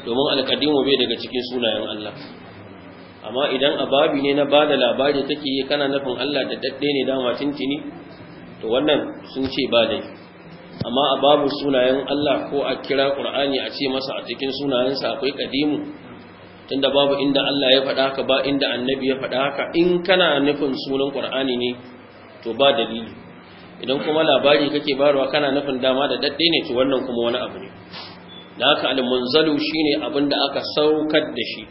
domin alƙadimu bai daga cikin sunayen Allah amma idan ababi ne na ba da labari take yi kana nufin Allah da daɗe ne dama tintini to wannan sun ce ba dai amma a babu sunayen Allah ko a kira Qur'ani a ce masa a cikin sunayensa akwai kadimu tunda babu inda Allah ya faɗa haka ba inda annabi ya faɗa haka in kana nufin sunan Qur'ani ne to ba dalili idan kuma labari kake barwa kana nufin dama da dadde ne to wannan kuma wani abu ne da haka al-munzalu shine abin da aka saukar da shi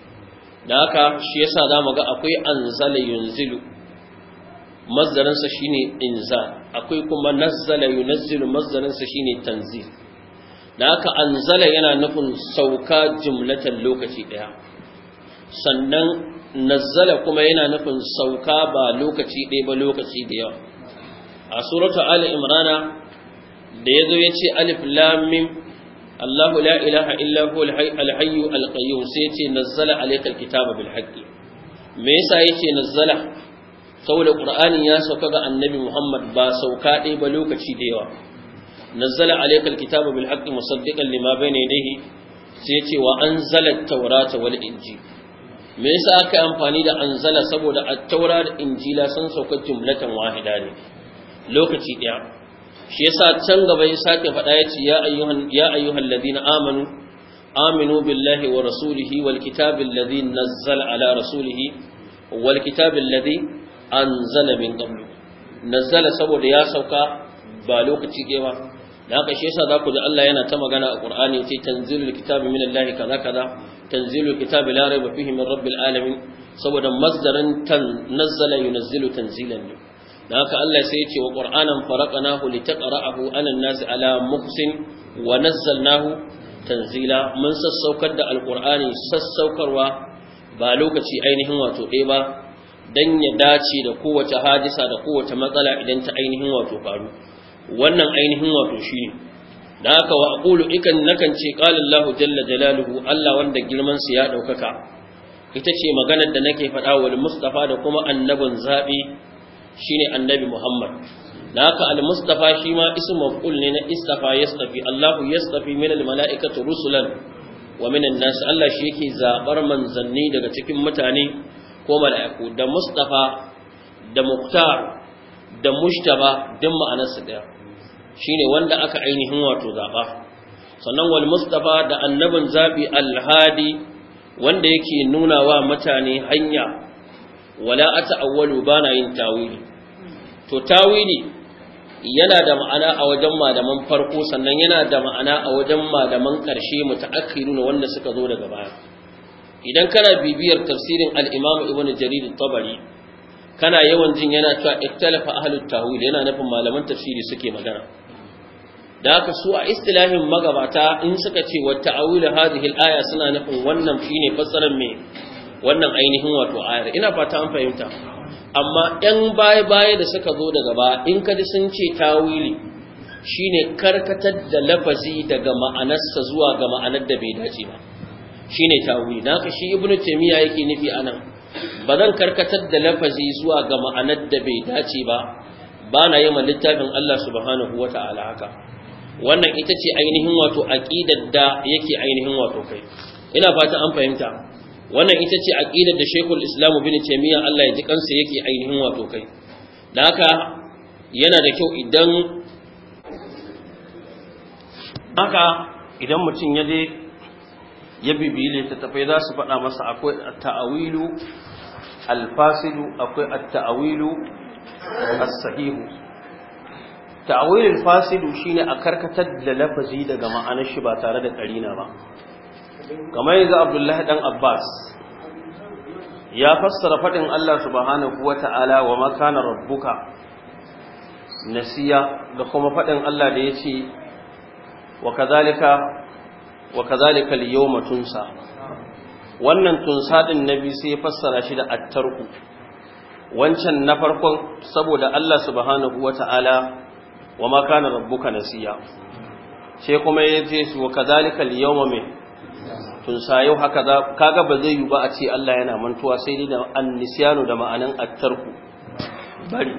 da haka shi yasa zamu ga akwai anzala yunzilu mazdaransa shine inza, akwai kuma nazzala yunazzilu mazdaransa shine tanzil da haka anzala yana nufin sauka jumlatan lokaci daya sannan nazzala kuma yana nufin sauka ba lokaci ɗaya ba lokaci da yawa a suratu ali imrana da ya zo ya alif lamim allahu la ilaha illa hu alhayyu alqayyum sai ya ce a alaikal kitaba bil me yasa yace saboda qur'ani ya sauka ga annabi muhammad ba sauka ɗaya ba lokaci da yawa nazzala alaikal kitaba bil haqqi musaddiqan lima bayna yadayhi sai ce wa anzala at-taurata wal injil me yasa aka amfani da anzala saboda at-taura da injila sun sauka jumlatan wahida ne lokaci ɗaya shi yasa can gaba ya sake faɗa ya ce ya ayyuhan ya ayyuhal ladina amanu آمنوا بالله ورسوله والكتاب الذي نزل على رسوله والكتاب الذي An zala min qablu nazala saboda ya sauka ba lokaci ke ba da haka shi za ku ji Allah yana ta magana a Qur'ani yace tanzilul kitabi min Allah kaza kaza tanzilul kitabi la rayba fihi min rabbil alamin saboda masdarin tan ya yunzilu tanzilan ne da haka Allah sai yace wa Qur'anan faraqnahu litaqra'ahu 'ala an-nasi 'ala muhsin wa nazzalnahu tanzila mun sassaukar da alqur'ani sassaukarwa ba lokaci ainihin wato ɗaya ba dan ya dace da kowace hadisa da kowace matsala idan ta ainihin wato faru wannan ainihin wato shine da haka wa aqulu ikan nakan ce qala Allahu jalla jalaluhu Allah wanda girman sa ya daukaka ita ce maganar da nake faɗa wa Mustafa da kuma annabin zabi shine annabi Muhammad da haka al-Mustafa shi ma ismu maf'ul ne na istafa yastafi Allahu yastafi min al-mala'ikati rusulan wa min an-nas Allah shi yake zabar manzanni daga cikin mutane ko mala'iku da mustafa da muktar da mushtaba duk ma'anarsu ɗaya shine wanda aka ainihin wato zaɓa sannan wal mustafa da annabin zaɓi alhadi wanda yake nuna wa mutane hanya wala a ta'awwalu ba na yin tawili to tawili yana da ma'ana a wajen malaman farko sannan yana da ma'ana a wajen malaman ƙarshe nuna wanda suka zo daga baya idan kana bibiyar tafsirin al-Imam Ibn Jarir tabari kana yawan jin yana cewa iktalafa ahlut tahwil yana nufin malaman tafsiri suke magana da haka su a istilahin magabata in suka ce wa ta'awilu hadhihi al-aya suna nufin wannan shine fassarar me wannan ainihin wato ayar ina fata an fahimta amma 'yan baya-baya da suka zo daga ba in kaji sun ce tawili shine karkatar da lafazi daga ma'anarsa zuwa ga ma'anar da bai dace ba shine tawili dan haka shi ibnu taymiya yake nufi anan ba zan karkatar da lafazi zuwa ga ma'anar da bai dace ba ba na yi littafin Allah subhanahu wa Ta'ala haka wannan ita ce ainihin wato aqidar da yake ainihin wato kai ina fata an fahimta wannan ita ce aqidar da Sheikhul Islam Ibn Taymiyyah Allah ya ji kansa yake ainihin wato kai dan haka yana da kyau idan haka idan mutum ya je ya ta littattafai za su faɗa masa akwai ta'awilu alfasidu akwai taawilu as-sahihu ta'awilul fasidu shine a karkatar da lafazi daga ma'anar shi ba tare da karina ba kamar yanzu Abdullahi dan Abbas ya fassara faɗin Allah subhanahu wata'ala wa ma kana rabbuka nasiya da kuma faɗin Allah da yace wa kadhalika wa kazalika al tunsa wannan tunsa din nabi sai ya fassara shi da attarku wancan na farkon saboda Allah subhanahu wata'ala wa ma kana rabbuka nasiya sai kuma yace su wa kazalika al min tunsa yau haka za kaga ba zai yi ba a ce Allah yana mantuwa sai dai da annisyanu da ma'anan attarku bari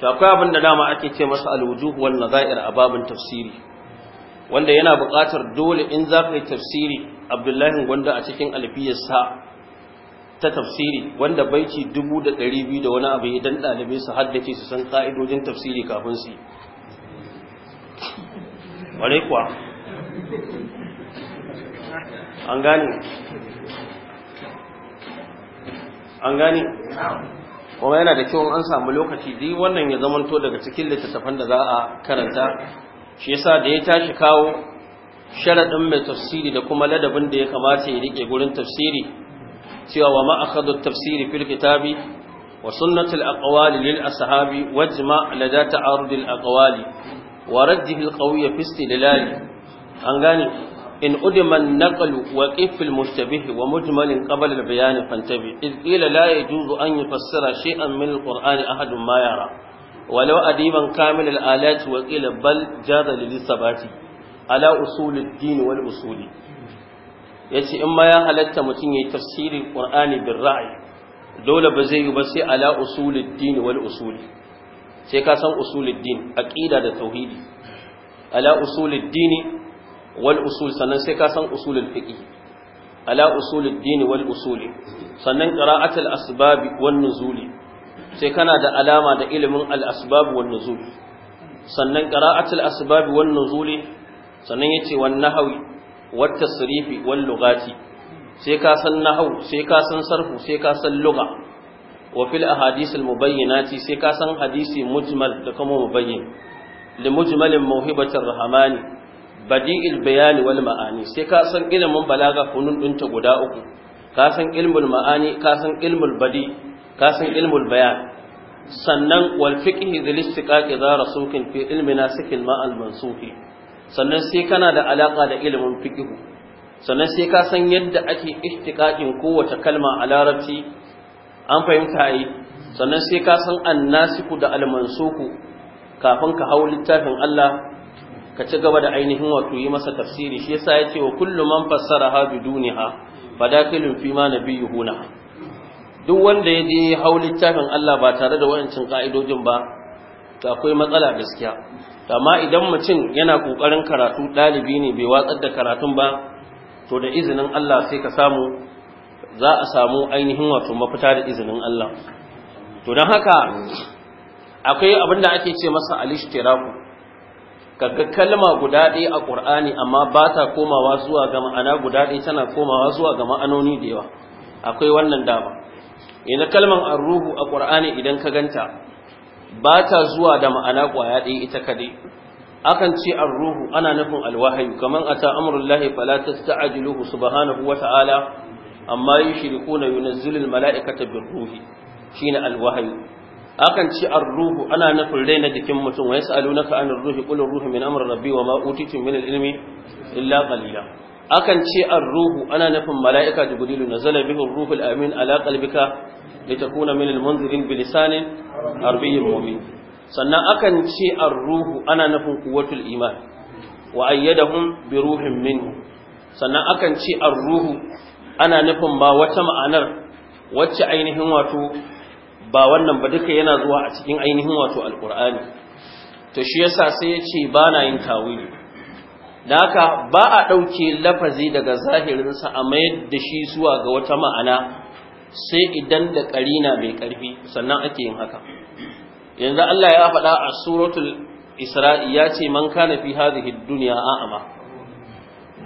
to akwai abin da dama ake ce masa al-wujuh wal nadha'ir a babin tafsiri wanda yana buƙatar dole in za ka yi tafsiri abdullahi gwanda a cikin alfiyarsa ta tafsiri wanda baiti dubu da ɗari biyu da wani abu idan ɗalibai su haddace su san ƙa'idojin tafsiri kafin su yi kuwa an gane an gane kuma yana da kyau an samu lokaci dai wannan ya zamanto daga cikin littattafan da za a karanta shi yasa da ya tashi kawo sharaɗin mai tafsiri da kuma ladabin da ya kamata ya rike gurin tafsiri cewa wa ma tafsiri fil kitabi wa sunnatul aqwali lil ashabi wajma lada ta'arud al aqwali wa raddihi al qawiy fi istidlal an gane in udima an naql wa qif al mushtabih wa mujmal qabl al bayan fantabi id qila la yajuzu an yufassira shay'an min al qur'ani ahadun ma yara walau adiban kamil al-alat wa qila bal jaza lil sabati ala usul ad-din wal in ma ya halatta mutun yayi tafsirin ƙur'ani bil ra'i dole ba zai yi ba sai ala usul ad sai ka san usul ad-din aqida da tauhidi ala usul ad sannan sai ka san sannan nuzuli sai kana da alama da ilimin al-asbab wan nuzul sannan qira'atul asbab wan nuzul sannan ya yace wan nahwi wat tasrifi wal lughati sai ka san nahwu sai ka san sarfu sai ka san lugha wa fil ahadith al mubayyinati sai ka san hadisi mujmal da kuma mubayyin li mujmalin mawhibatir rahamani. badi'il bayani wal ma'ani sai ka san ilimin balaga kunun dinta guda uku ka san ilmul ma'ani ka san ilmul badi' ka san ilmul bayan sannan wal fiqhi dhil istiqaqi za rasukin fi ilmi nasikin ma mansuhi sannan sai kana da alaka da ilimin fiƙihu, sannan sai ka san yadda ake istiqaqin kowace kalma a larabci an fahimta yi, sannan sai ka san annasiku da al kafin ka hau littafin Allah ka ci gaba da ainihin wato yi masa tafsiri shi yasa ce wa kullu man fassara ha biduniha fadakilun fi ma nabiyuhuna duk wanda ya je hau littafin Allah ba tare da wayancin ka'idojin ba to akwai matsala gaskiya amma idan mutum yana kokarin karatu dalibi ne bai watsar da karatun ba to da izinin Allah sai ka samu za a samu ainihin wato mafita da izinin Allah to don haka akwai abin da ake ce masa alishtiraku kaga kalma guda ɗaya a Qur'ani amma ba ta komawa zuwa ga ma'ana guda ɗaya tana komawa zuwa ga ma'anoni da yawa akwai wannan dama ina kalman arruhu a ƙur'ani idan ka ganta ba ta zuwa da ma'ana ƙwaya ɗaya ita kadai. akan ce arruhu ana nufin alwahayu kaman ata amrullahi fala tasta'jiluhu subhanahu wa ta'ala amma yushrikuna yunazzilu almala'ikata birruhi shine alwahayu akan ci arruhu ana nufin na jikin mutum wa yas'alunaka anir ruhi qul ruhu min amri rabbi wa ma utitu min ilmi illa qalila akan ce ar-ruhu ana nufin mala'ika jibrilu nazala bihi ar-ruhul amin ala qalbika litakuna min al-munzirin bi lisanin arabiyyin mu'min sannan akan ce ar-ruhu ana nufin quwwatul iman wa ayyadahum bi ruhin Min. sannan akan ce ar-ruhu ana nufin ba wata ma'anar wacce ainihin wato ba wannan ba duka yana zuwa a cikin ainihin wato alqur'ani to shi yasa sai ya ce ba na yin tawili da haka ba a ɗauke lafazi daga zahirinsa a mai da shi zuwa ga wata ma'ana sai idan da ƙarina mai ƙarfi sannan ake yin haka yanzu Allah ya faɗa a suratul isra'i ya ce man kana fi hadhihi dunya a'ama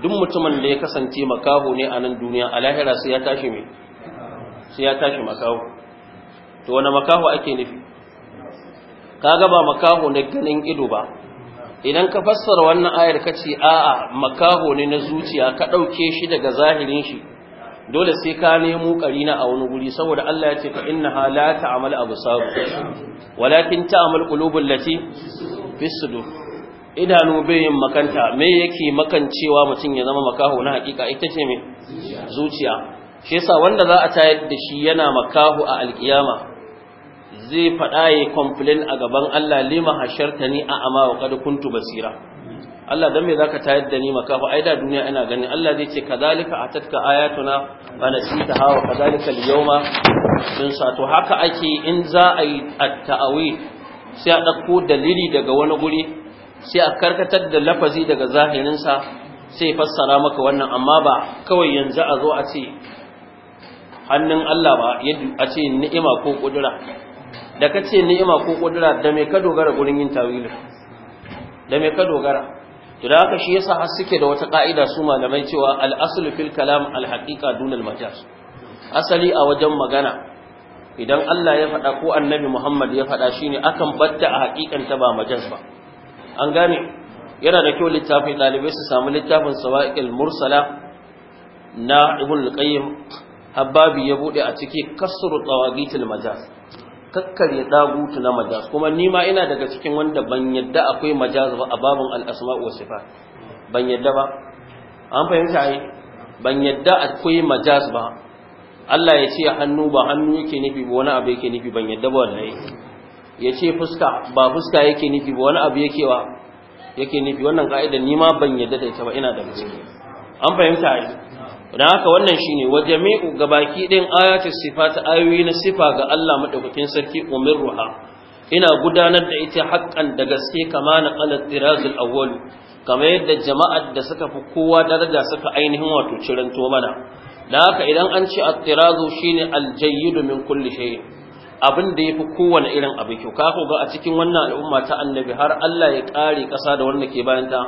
duk mutumin da ya kasance makaho ne a nan duniya a lahira sai ya tashi mai sai ya tashi makaho to wani makaho ake nufi kaga ba makaho na ganin ido ba idan ka fassara wannan ayar ka ce a'a makaho ne na zuciya ka ɗauke shi daga zahirin shi dole sai ka nemo karina a wani guri saboda Allah ya ce fa innaha la ta'mal absar walakin ta'mal qulubul lati fi sudur idanu bai yin makanta me yake makancewa mutum ya zama makaho na hakika ita ce me zuciya shi yasa wanda za a tayar da shi yana makaho a alkiyama zai faɗa yi complain a gaban Allah lima hasharta ni a amma wa kada kuntu basira Allah dan me zaka tayar da ni makafa ai da duniya ina gani Allah zai ce kadalika atatka ayatuna wa nasita ha wa kadalika al-yawma sa to haka ake in za a yi at-ta'awi sai a dauko dalili daga wani guri sai a karkatar da lafazi daga zahirin sa sai fassara maka wannan amma ba kawai yanzu a zo a ce hannun Allah ba a ce ni'ima ko kudura da ka ce ni'ima ko kudura da me ka dogara gurin yin tawilin da me ka dogara to da haka shi yasa har suke da wata ka'ida su malamai cewa al-aslu fil kalam al-haqiqa dun al-majaz asali a wajen magana idan Allah ya faɗa ko Annabi Muhammad ya faɗa shine akan batta a haƙiƙan ta ba majaz ba an gane yana da kyau littafin dalibai su samu littafin sawa'iqil mursala na Ibn al-Qayyim habbabi ya bude a ciki kasru tawagitil majaz kakkarya dagutu na majaz kuma ni ma ina daga cikin wanda ban yadda akwai majaz ba a babin al-asma'u wa sifat ban yadda ba an fahimta ai ban yadda akwai majaz ba Allah ya ce hannu ba hannu yake nufi ba wani abu yake nufi ban yadda ba wallahi ya ce fuska ba fuska yake nufi ba wani abu yake wa yake nufi wannan ka'idar ni ma ban yadda da ita ba ina daga ciki an fahimta ai Da haka wannan shine wa jami'u gabaki din ayatul sifat ayoyi na sifa ga Allah madaukakin sarki umirruha ina gudanar da ita haƙƙan da gaske kama na al-tirazul awwal kamar yadda jama'ar da suka fi kowa daraja suka ainihin wato ciranto mana Da haka idan an ce at-tirazu shine al-jayyid min kulli shay abin da yafi kowane irin abu kyau ka ga a cikin wannan al'umma ta annabi har Allah ya kare ƙasa da wanda ke bayanta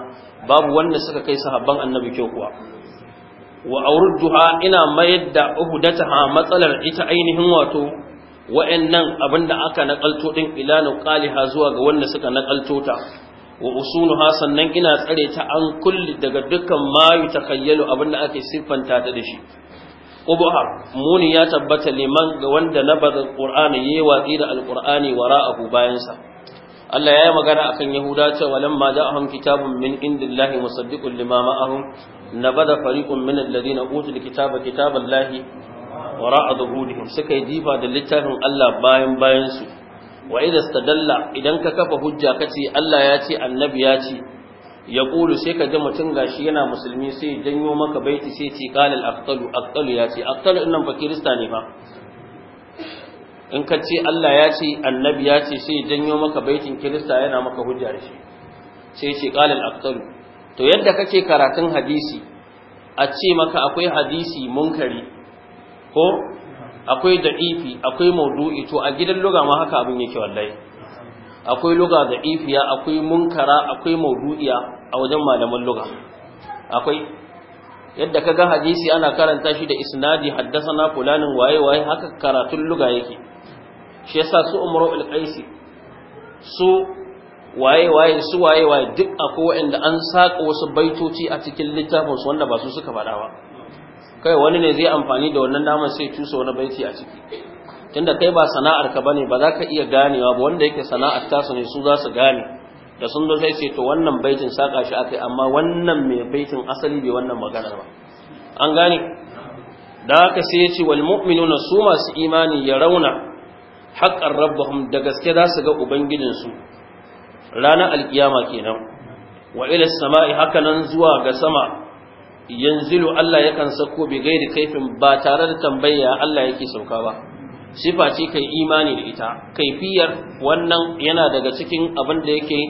babu wanda suka kai sahabban annabi kyau kuwa wa aurudduha ina mayar da uhudataha matsalar ita ainihin wato wa'annan abinda aka nakalto din ila nuqaliha zuwa ga wanda suka nakalto ta wa usunuha sannan ina tsare ta an kulli daga dukkan ma yutakayyalu abinda ake siffanta ta da shi qubha muni ya tabbata liman ga wanda na nabada qur'ani yayi watsi da alqur'ani wara'ahu bayan sa Allah ya yi magana akan Yahuda cewa lamma ja'ahum kitabun min indillahi musaddiqun lima ma'ahum nabada fariqun min alladhina utul kitaba kitaballahi wara'a zuhurihim suka yi jifa da littafin Allah bayan bayan su wa idza stadalla idan ka kafa hujja kace Allah ya ce annabi ya ce ya kulu sai ka ga mutum gashi yana musulmi sai janyo maka baiti sai ce qala al-aqtalu aqtalu ya ce aqtalu innan kirista ne ba in ka ce Allah ya ce annabi ya ce sai janyo maka baitin kirista yana maka hujja da shi sai ce qala aqtalu to yadda kake karatun hadisi a ce maka akwai hadisi munkari ko akwai da'ifi akwai maudu'i to a gidan luga ma haka abin yake wallahi akwai luga da'ifiya akwai munkara akwai maudu'iya a wajen malaman luga akwai yadda kaga hadisi ana karanta shi da isnadi haddasana fulanin waye waye haka karatun luga yake shi yasa su umru al-qaisi su waye waye su waye waye duk akwai waɗanda an saka wasu baitoci a cikin littafin su wanda ba su suka faɗa ba kai wani ne zai amfani da wannan naman sai tusa wani baiti a ciki tunda kai ba sana'ar ka bane ba za ka iya ganewa ba wanda yake sana'ar su ne su za su gane da sun zo sai ce to wannan baitin saka shi akai amma wannan mai baitin asali bai wannan magana ba an gane da haka sai ya ce wal mu'minuna su masu imani ya rauna haƙƙar rabbahum da gaske za su ga ubangijinsu ranar alkiyama kenan wa ila sama'i hakanan zuwa ga sama yanzilu Allah yakan sako bi gairi kaifin ba tare da tambaya Allah yake sauka ba sifa ce kai imani da ita kaifiyar wannan yana daga cikin abin da yake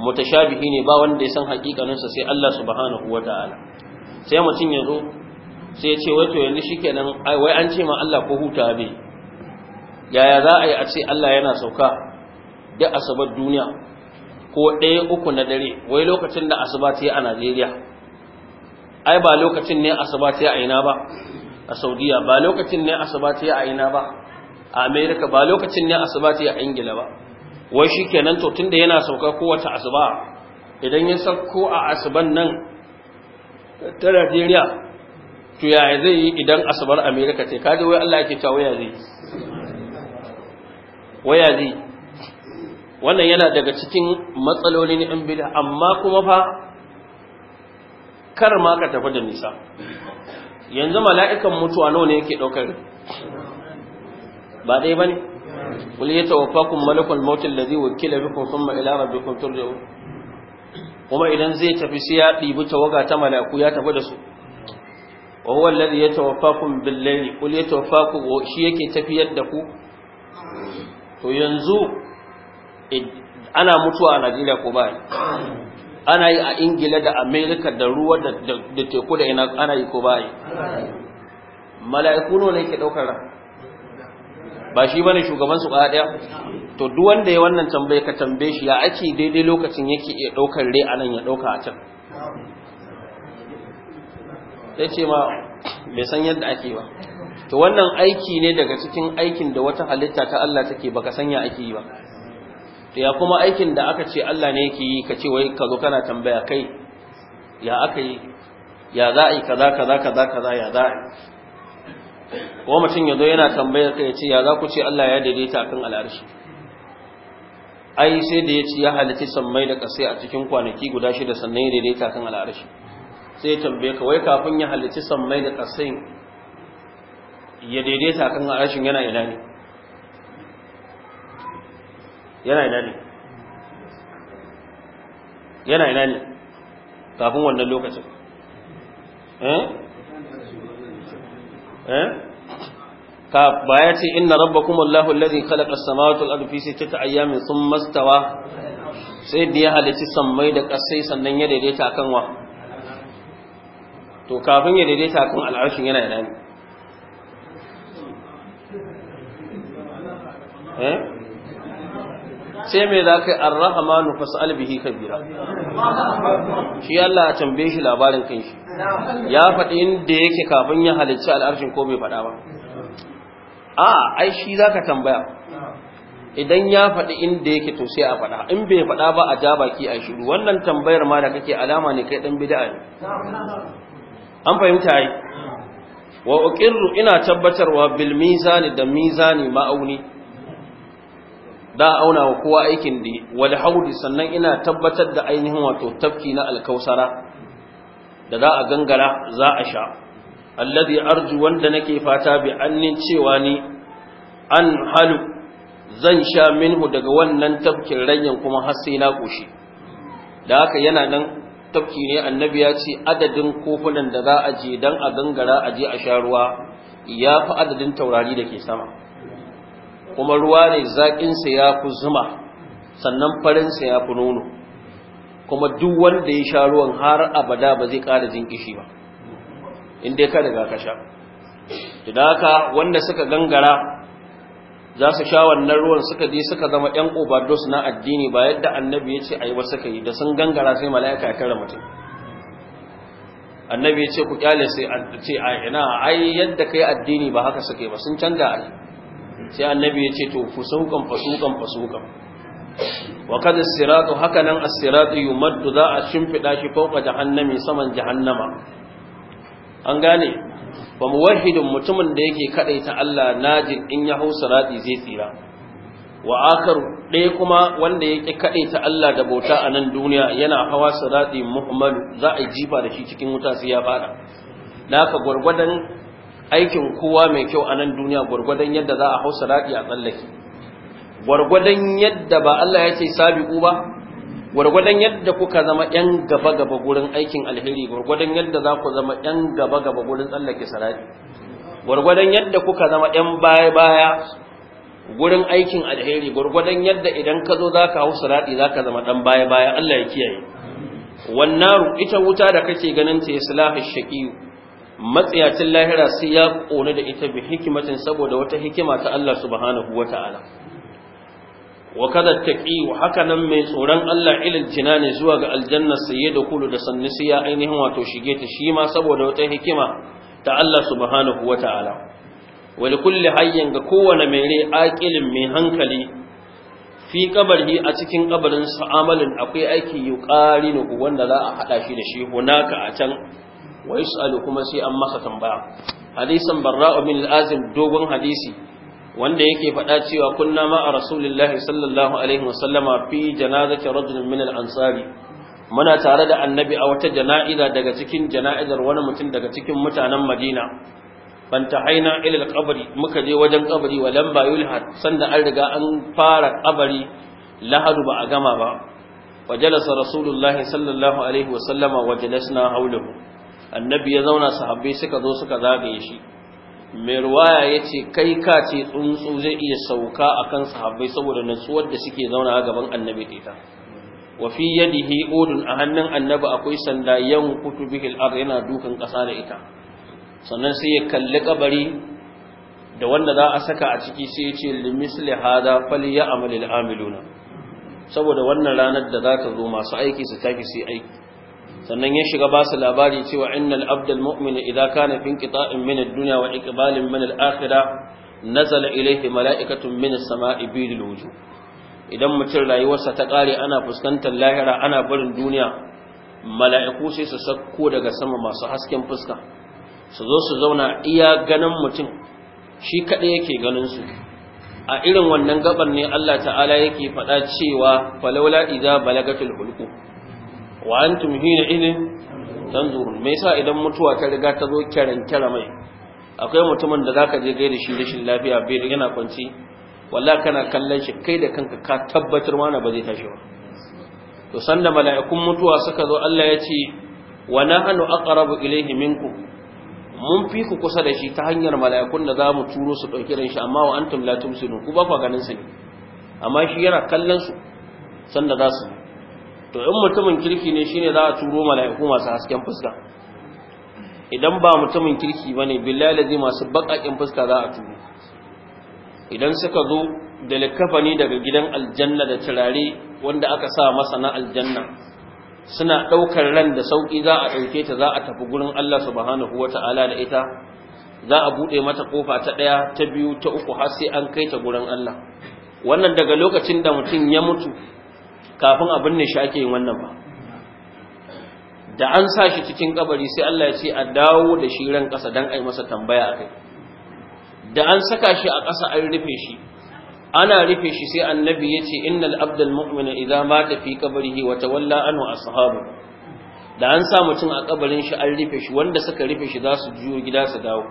mutashabihi ne ba wanda ya san hakikaninsa sai Allah subhanahu wataala sai mutum ya zo sai ya ce wai to yanzu shikenan wai an ce ma Allah ko huta bai yaya za a yi a ce Allah yana sauka da asabar duniya ko ɗaya uku na dare wai lokacin da asuba ta yi a najeriya ai ba lokacin ne asuba ta yi a ina ba a saudiya ba lokacin ne asuba ta yi a ina ba a amerika ba lokacin ne asuba ta yi a ingila ba wai shi kenan to tunda yana sauka kowace asuba idan ya sauko a asuban nan ta najeriya to yaya zai yi idan asubar amerika ce kaji wai allah ke ta waya zai waya zai wannan yana daga cikin matsalolin yan bid'a amma kuma fa kar ma ka tafi da nisa yanzu mala'ikan mutuwa nawa ne yake daukar ba dai bane wal yatawaffakum malakul maut allazi wukila bikum thumma ila rabbikum turja'un kuma idan zai tafi sai ya dibi tawaga ta malaku ya tafi da su wa huwa allazi yatawaffakum bil layli wal yatawaffaku shi yake tafiyar da ku to yanzu ana mutuwa a najeriya ko ba ana yi a ingila da amerika da ruwa da teku da ina ana yi ko ba yi mala'iku ne ke ɗaukar ran ba shi bane shugaban su ɗaya to duk wanda ya wannan tambaye ka tambaye shi ya ake daidai lokacin yake ya ɗaukar rai a nan ya ɗauka a can sai ce ma bai san yadda ake ba to wannan aiki ne daga cikin aikin da wata halitta ta Allah take baka sanya ake yi ba ya kuma aikin da aka ce Allah ne yake yi ka ce wai ka zo kana tambaya kai ya aka yi ya za a yi kaza kaza kaza kaza ya za a yi ko mutum ya zo yana tambayar ka ya ce ya za ku ce Allah ya daidaita kan al'arshi ai sai da ya ce ya halitta sammai da kasai a cikin kwanaki guda shida sannan ya daidaita kan al'arshi sai ya tambaye ka wai kafin ya halitta sammai da kasai ya daidaita kan al'arshin yana ina ne yana ina ne yana ina ne kafin wannan lokacin eh eh ka baya ce inna rabbakum allahu allazi khalaqa as-samawati wal ardi fi sittati ayyamin thumma istawa sai da ya halitta samai da kasai sannan ya daidaita kan wa to kafin ya daidaita kan al'arshin yana ina ne eh sai mai za ka yi arrahamanu albihi ka kabira shi Allah ya tambaye shi labarin kan shi ya faɗi inda yake kafin ya halicci al'arshin ko bai faɗa ba a ai shi za ka tambaya idan ya faɗi inda yake to sai a faɗa in bai faɗa ba a ja baki a shiru wannan tambayar ma da kake alama ne kai ɗan bid'a ne an fahimta ai wa uqirru ina tabbatarwa bil mizani da mizani ma'auni da auna wa kowa aikin da wal haudi sannan ina tabbatar da ainihin wato tafki na alkausara da za a gangara za a sha alladhi arju wanda nake fata bi annin cewa ni an halu zan sha minhu daga wannan tafkin ranyan kuma har sai na koshi da haka yana nan tafki ne annabi ya ce adadin kofunan da za a je dan a gangara a je a sha ruwa ya fi adadin taurari da ke sama kuma ruwa ne zaƙinsa ya fi zuma sannan farinsa ya fi nono kuma duk wanda ya sha ruwan har abada ba zai ƙara jin kishi ba dai ka daga ka sha Idan haka wanda suka gangara za su sha wannan ruwan suka je suka zama ‘yan overdose na addini ba yadda annabi ya ce a yi ba suka yi da sun gangara sai mala'ika ya kare mutum annabi ya ce ku kyale sai a ce a ina ai yadda ka yi addini ba haka suke ba sun canza a sai annabi ya ce to fusukan fasukan fasukan wa kada siratu haka nan as-siratu yumaddu za a shimfida shi fauka jahannami saman jahannama an gane ba muwahhidun mutumin da yake kadaita Allah najin in ya hau sirati zai tsira wa akharu ɗaya kuma wanda yake kadaita Allah da bauta a nan duniya yana hawa sirati Muhammadu za a jifa da shi cikin wuta sai ya fada da haka gwargwadon aikin kowa mai kyau a nan duniya gwargwadon yadda za a hau sarati a tsallake gwargwadon yadda ba Allah ya ce sabiqu ba gwargwadon yadda kuka zama yan gaba gaba gurin aikin alheri gwargwadon yadda za ku zama yan gaba gaba gurin tsallake sarati gwargwadon yadda kuka zama yan baya baya gurin aikin alheri gwargwadon yadda idan ka zo za ka hau sarati za ka zama dan baya baya Allah ya kiyaye wannan ita wuta da kake ganin ta islahi shaqiyu matsiyacin lahira sai ya ƙone da ita bi hikimatin saboda wata hikima ta Allah subhanahu wa ta'ala wa kada taqi wa haka nan mai tsoron Allah ilal jinani zuwa ga aljanna Sayyidu da kulu da sannu ya ainihin wato shige ta shi ma saboda wata hikima ta Allah subhanahu wa ta'ala kulli hayyin ga kowane mai rai aqilin mai hankali fi kabari a cikin kabarin sa'amalin akwai aiki yuqarinu wanda za a haɗa shi da shi hunaka a can wa yus'alu kuma sai an masa tambaya hadisan barra'u min al-azim dogon hadisi wanda yake faɗa cewa kunna ma a rasulillahi sallallahu alaihi wa sallama fi janazati rajulin min al-ansari muna tare da annabi a wata jana'iza daga cikin jana'izar wani mutum daga cikin mutanen madina banta haina ilal kabari muka je wajen kabari wa lamba yulha sanda an riga an fara kabari lahadu ba a gama ba wa jalasa rasulullahi sallallahu alaihi wa sallama wa jalasna haulahu annabi ya zauna sahabbai suka zo suka zagaye shi mai ya ce kai ka ce tsuntsu zai iya sauka a kan sahabbai saboda natsuwar da suke zauna a gaban annabi ita Wafi fi yadihi udun a hannun annabi akwai sanda yan kutu bihil ar yana dukan ƙasa da ita sannan sai ya kalli kabari da wanda za a saka a ciki sai ya ce limisli hada fali ya amalil amiluna saboda wannan ranar da za ta zo masu aiki su tafi sai aiki sannan ya shiga ba su labari cewa innal abdal mu'min idza kana fi inqita'in min ad-dunya wa iqbalin min al-akhirah nazala ilayhi mala'ikatun min as-sama'i bil wujuh idan mutum rayuwarsa ta kare ana fuskantar lahira ana barin duniya mala'iku sai su sakko daga sama masu hasken fuska su zo su zauna iya ganin mutum shi kaɗai yake ganin su a irin wannan gabar ne Allah ta'ala yake faɗa cewa falaula idza balagatul hulqu wa antum hina idin tanzurun me yasa idan mutuwa ta riga ta zo kiran kira mai akwai mutumin da zaka je gaida shi rashin lafiya bai yana kwanci wallahi kana kallon shi kai da kanka ka tabbatar mana ba zai tashi ba to sanda mala'ikun mutuwa suka zo Allah ya ce wa nahnu aqrabu ilayhi minkum mun fi ku kusa da shi ta hanyar mala'ikun da za mu turo su dauki ran shi amma wa antum la tumsinu ku ba ku ganin su ne amma shi yana kallon su sanda za su to in mutumin kirki ne shine za a turo mala'iku masu hasken fuska idan ba mutumin kirki bane billahi lazi masu bakakin fuska za a turo idan suka zo da likafani daga gidan aljanna da turare wanda aka sa masa na aljanna suna daukar ran da sauki za a dauke ta za a tafi gurin Allah subhanahu wataala da ita za a bude mata kofa ta daya ta biyu ta uku har sai an kai ta gurin Allah wannan daga lokacin da mutum ya mutu kafin abin ne shi ake yin wannan ba da an sa shi cikin kabari sai Allah ya ce a dawo da shi ran ƙasa don a yi masa tambaya a kai da an saka shi a ƙasa an rufe shi ana rufe shi sai annabi ya ce innal abdal mu'mina idza mata fi qabrihi wa tawalla anhu ashabu da an sa mutum a kabarin shi an rufe shi wanda suka rufe shi za su juyo gida su dawo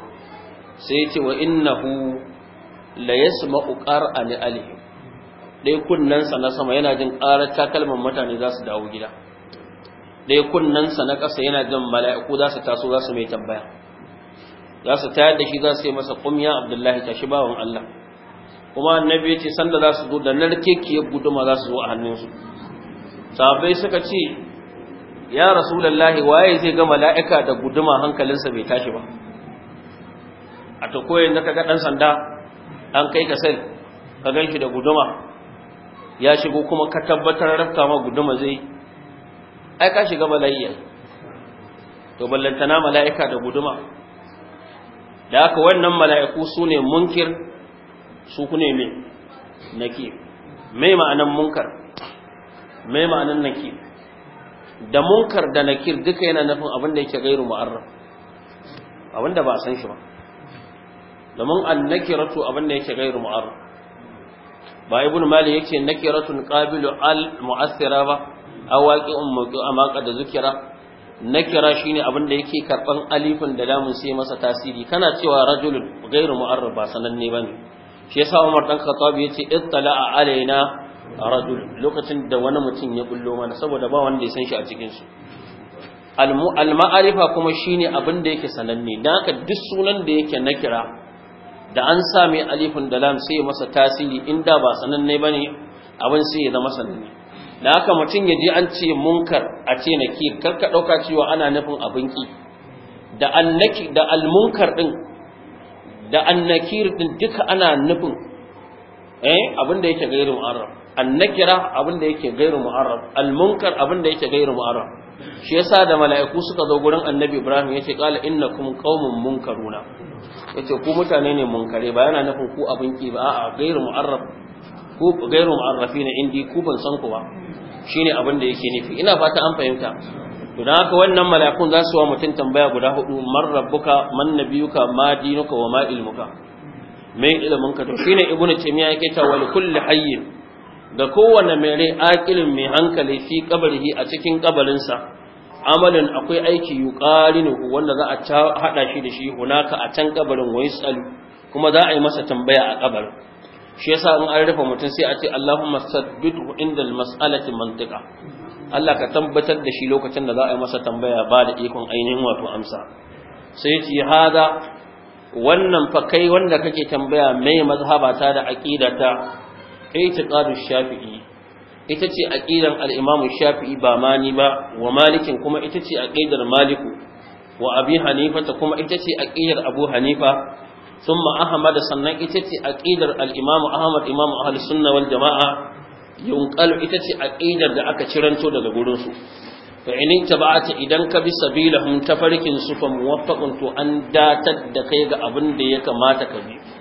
sai ya ce wa innahu la yasma'u qar'a li ɗaya kunnensa na sama yana jin ƙarar takalman mutane za su dawo gida ɗaya kunnensa na ƙasa yana jin mala'iku za su taso za su mai tambaya za su tayar da shi za su yi masa kumya abdullahi ta-shi shi bawan Allah kuma annabi ce sanda za su zo da narkekiyar guduma za su zo a hannunsu sabai suka ce ya rasulullahi waye zai ga mala'ika da guduma hankalinsa bai tashi ba a ta koyin da kaga dan sanda an kai ka sai ka ganshi da guduma ya shigo kuma ka tabbatar rafta ma guduma zai ai ka shiga bala'iyya to ballantana mala'ika da guduma da haka wannan mala'iku su ne munkir su ku ne mai naki mai ma'anan munkar mai ma'anan naki da munkar da nakir duka yana nufin abin da yake gairu mu'arraf abin da ba a san shi ba domin annakiratu abin da yake gairu mu'arraf ba ibn mali yace nakiratun qabilu al mu'assira ba awaqi ummuqi amma da zikira nakira shine abin da yake karban alifin da lamun sai masa tasiri kana cewa rajulun ghairu mu'arrab ba sananne bane shi yasa Umar dan Khattab yace ittala'a alaina rajul lokacin da wani mutum ya bullo mana saboda ba wanda ya san shi a cikin su al ma'arifa kuma shine abin da yake sananne dan haka duk sunan da yake nakira da an sa mai alifin da lam sai masa tasiri inda ba sananne bane abin sai ya zama sananne da haka mutum ya ji an ce munkar a ce nakir karka dauka cewa ana nufin abin ki da annaki da almunkar din da annakir din duka ana nufin eh abin da yake gairu mu'arraf annakira abin da yake gairu mu'arraf almunkar abin da yake gairu mu'arraf shi yasa da mala'iku suka zo gurin annabi ibrahim yace qala innakum qaumun munkaruna yace ku mutane ne munkare ba yana nufin ku abin ki ba a'a gairu mu'arraf ku mu'arrafina indi ku ban san ku ba shine abin da yake nufi ina fata an fahimta to dan haka wannan mala'ikun za su wa mutum tambaya guda hudu man rabbuka man nabiyuka ma dinuka wa ma ilmuka mai ilmin ka to shine ibnu taymiya yake cewa li kulli hayyin Da kowane mai rai aƙilin mai hankali fi kabarihi a cikin kabarinsa amalin akwai aiki ƙari ne wanda za a haɗa shi da shi hunaka a can kabarin wani tsalu, kuma za a yi masa tambaya a kabarin shi yasa in an rufe mutum sai a ce Allahumma saddidhu inda masalati mantiqa Allah ka tabbatar da shi lokacin da za a yi masa tambaya ba da ikon ainihin wato amsa sai ya ce hada wannan fa kai wanda kake tambaya mai mazhabata da aqidata اعتقاد shafi'i, ita ce al-imam shafi'i ba mani ba wa malikin kuma ita ce aƙidar maliku wa abi hanifa ta kuma ita ce aƙidar abu hanifa sun ahmad sannan ita ce al-imam ahmad imam ahli sunna wal jama'a yunqalu ita ce aƙidar da aka ciranto daga gurinsu to inin ta idan ka bi sabilahum ta su fa muwaffaqun to an datar da kai ga abin da ya kamata ka bi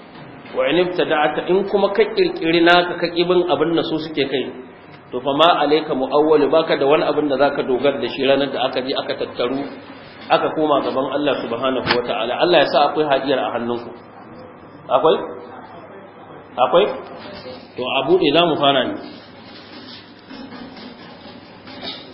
wa in ibtada'ta in kuma ka kirkiri naka ka kibin abin da su suke kai to fa ma alayka muawwal baka da wani abin da zaka dogara da shi ranar da aka ji aka tattaru aka koma gaban Allah subhanahu wataala Allah ya sa akwai hadiyar a hannunku akwai akwai to abu za mu fara ne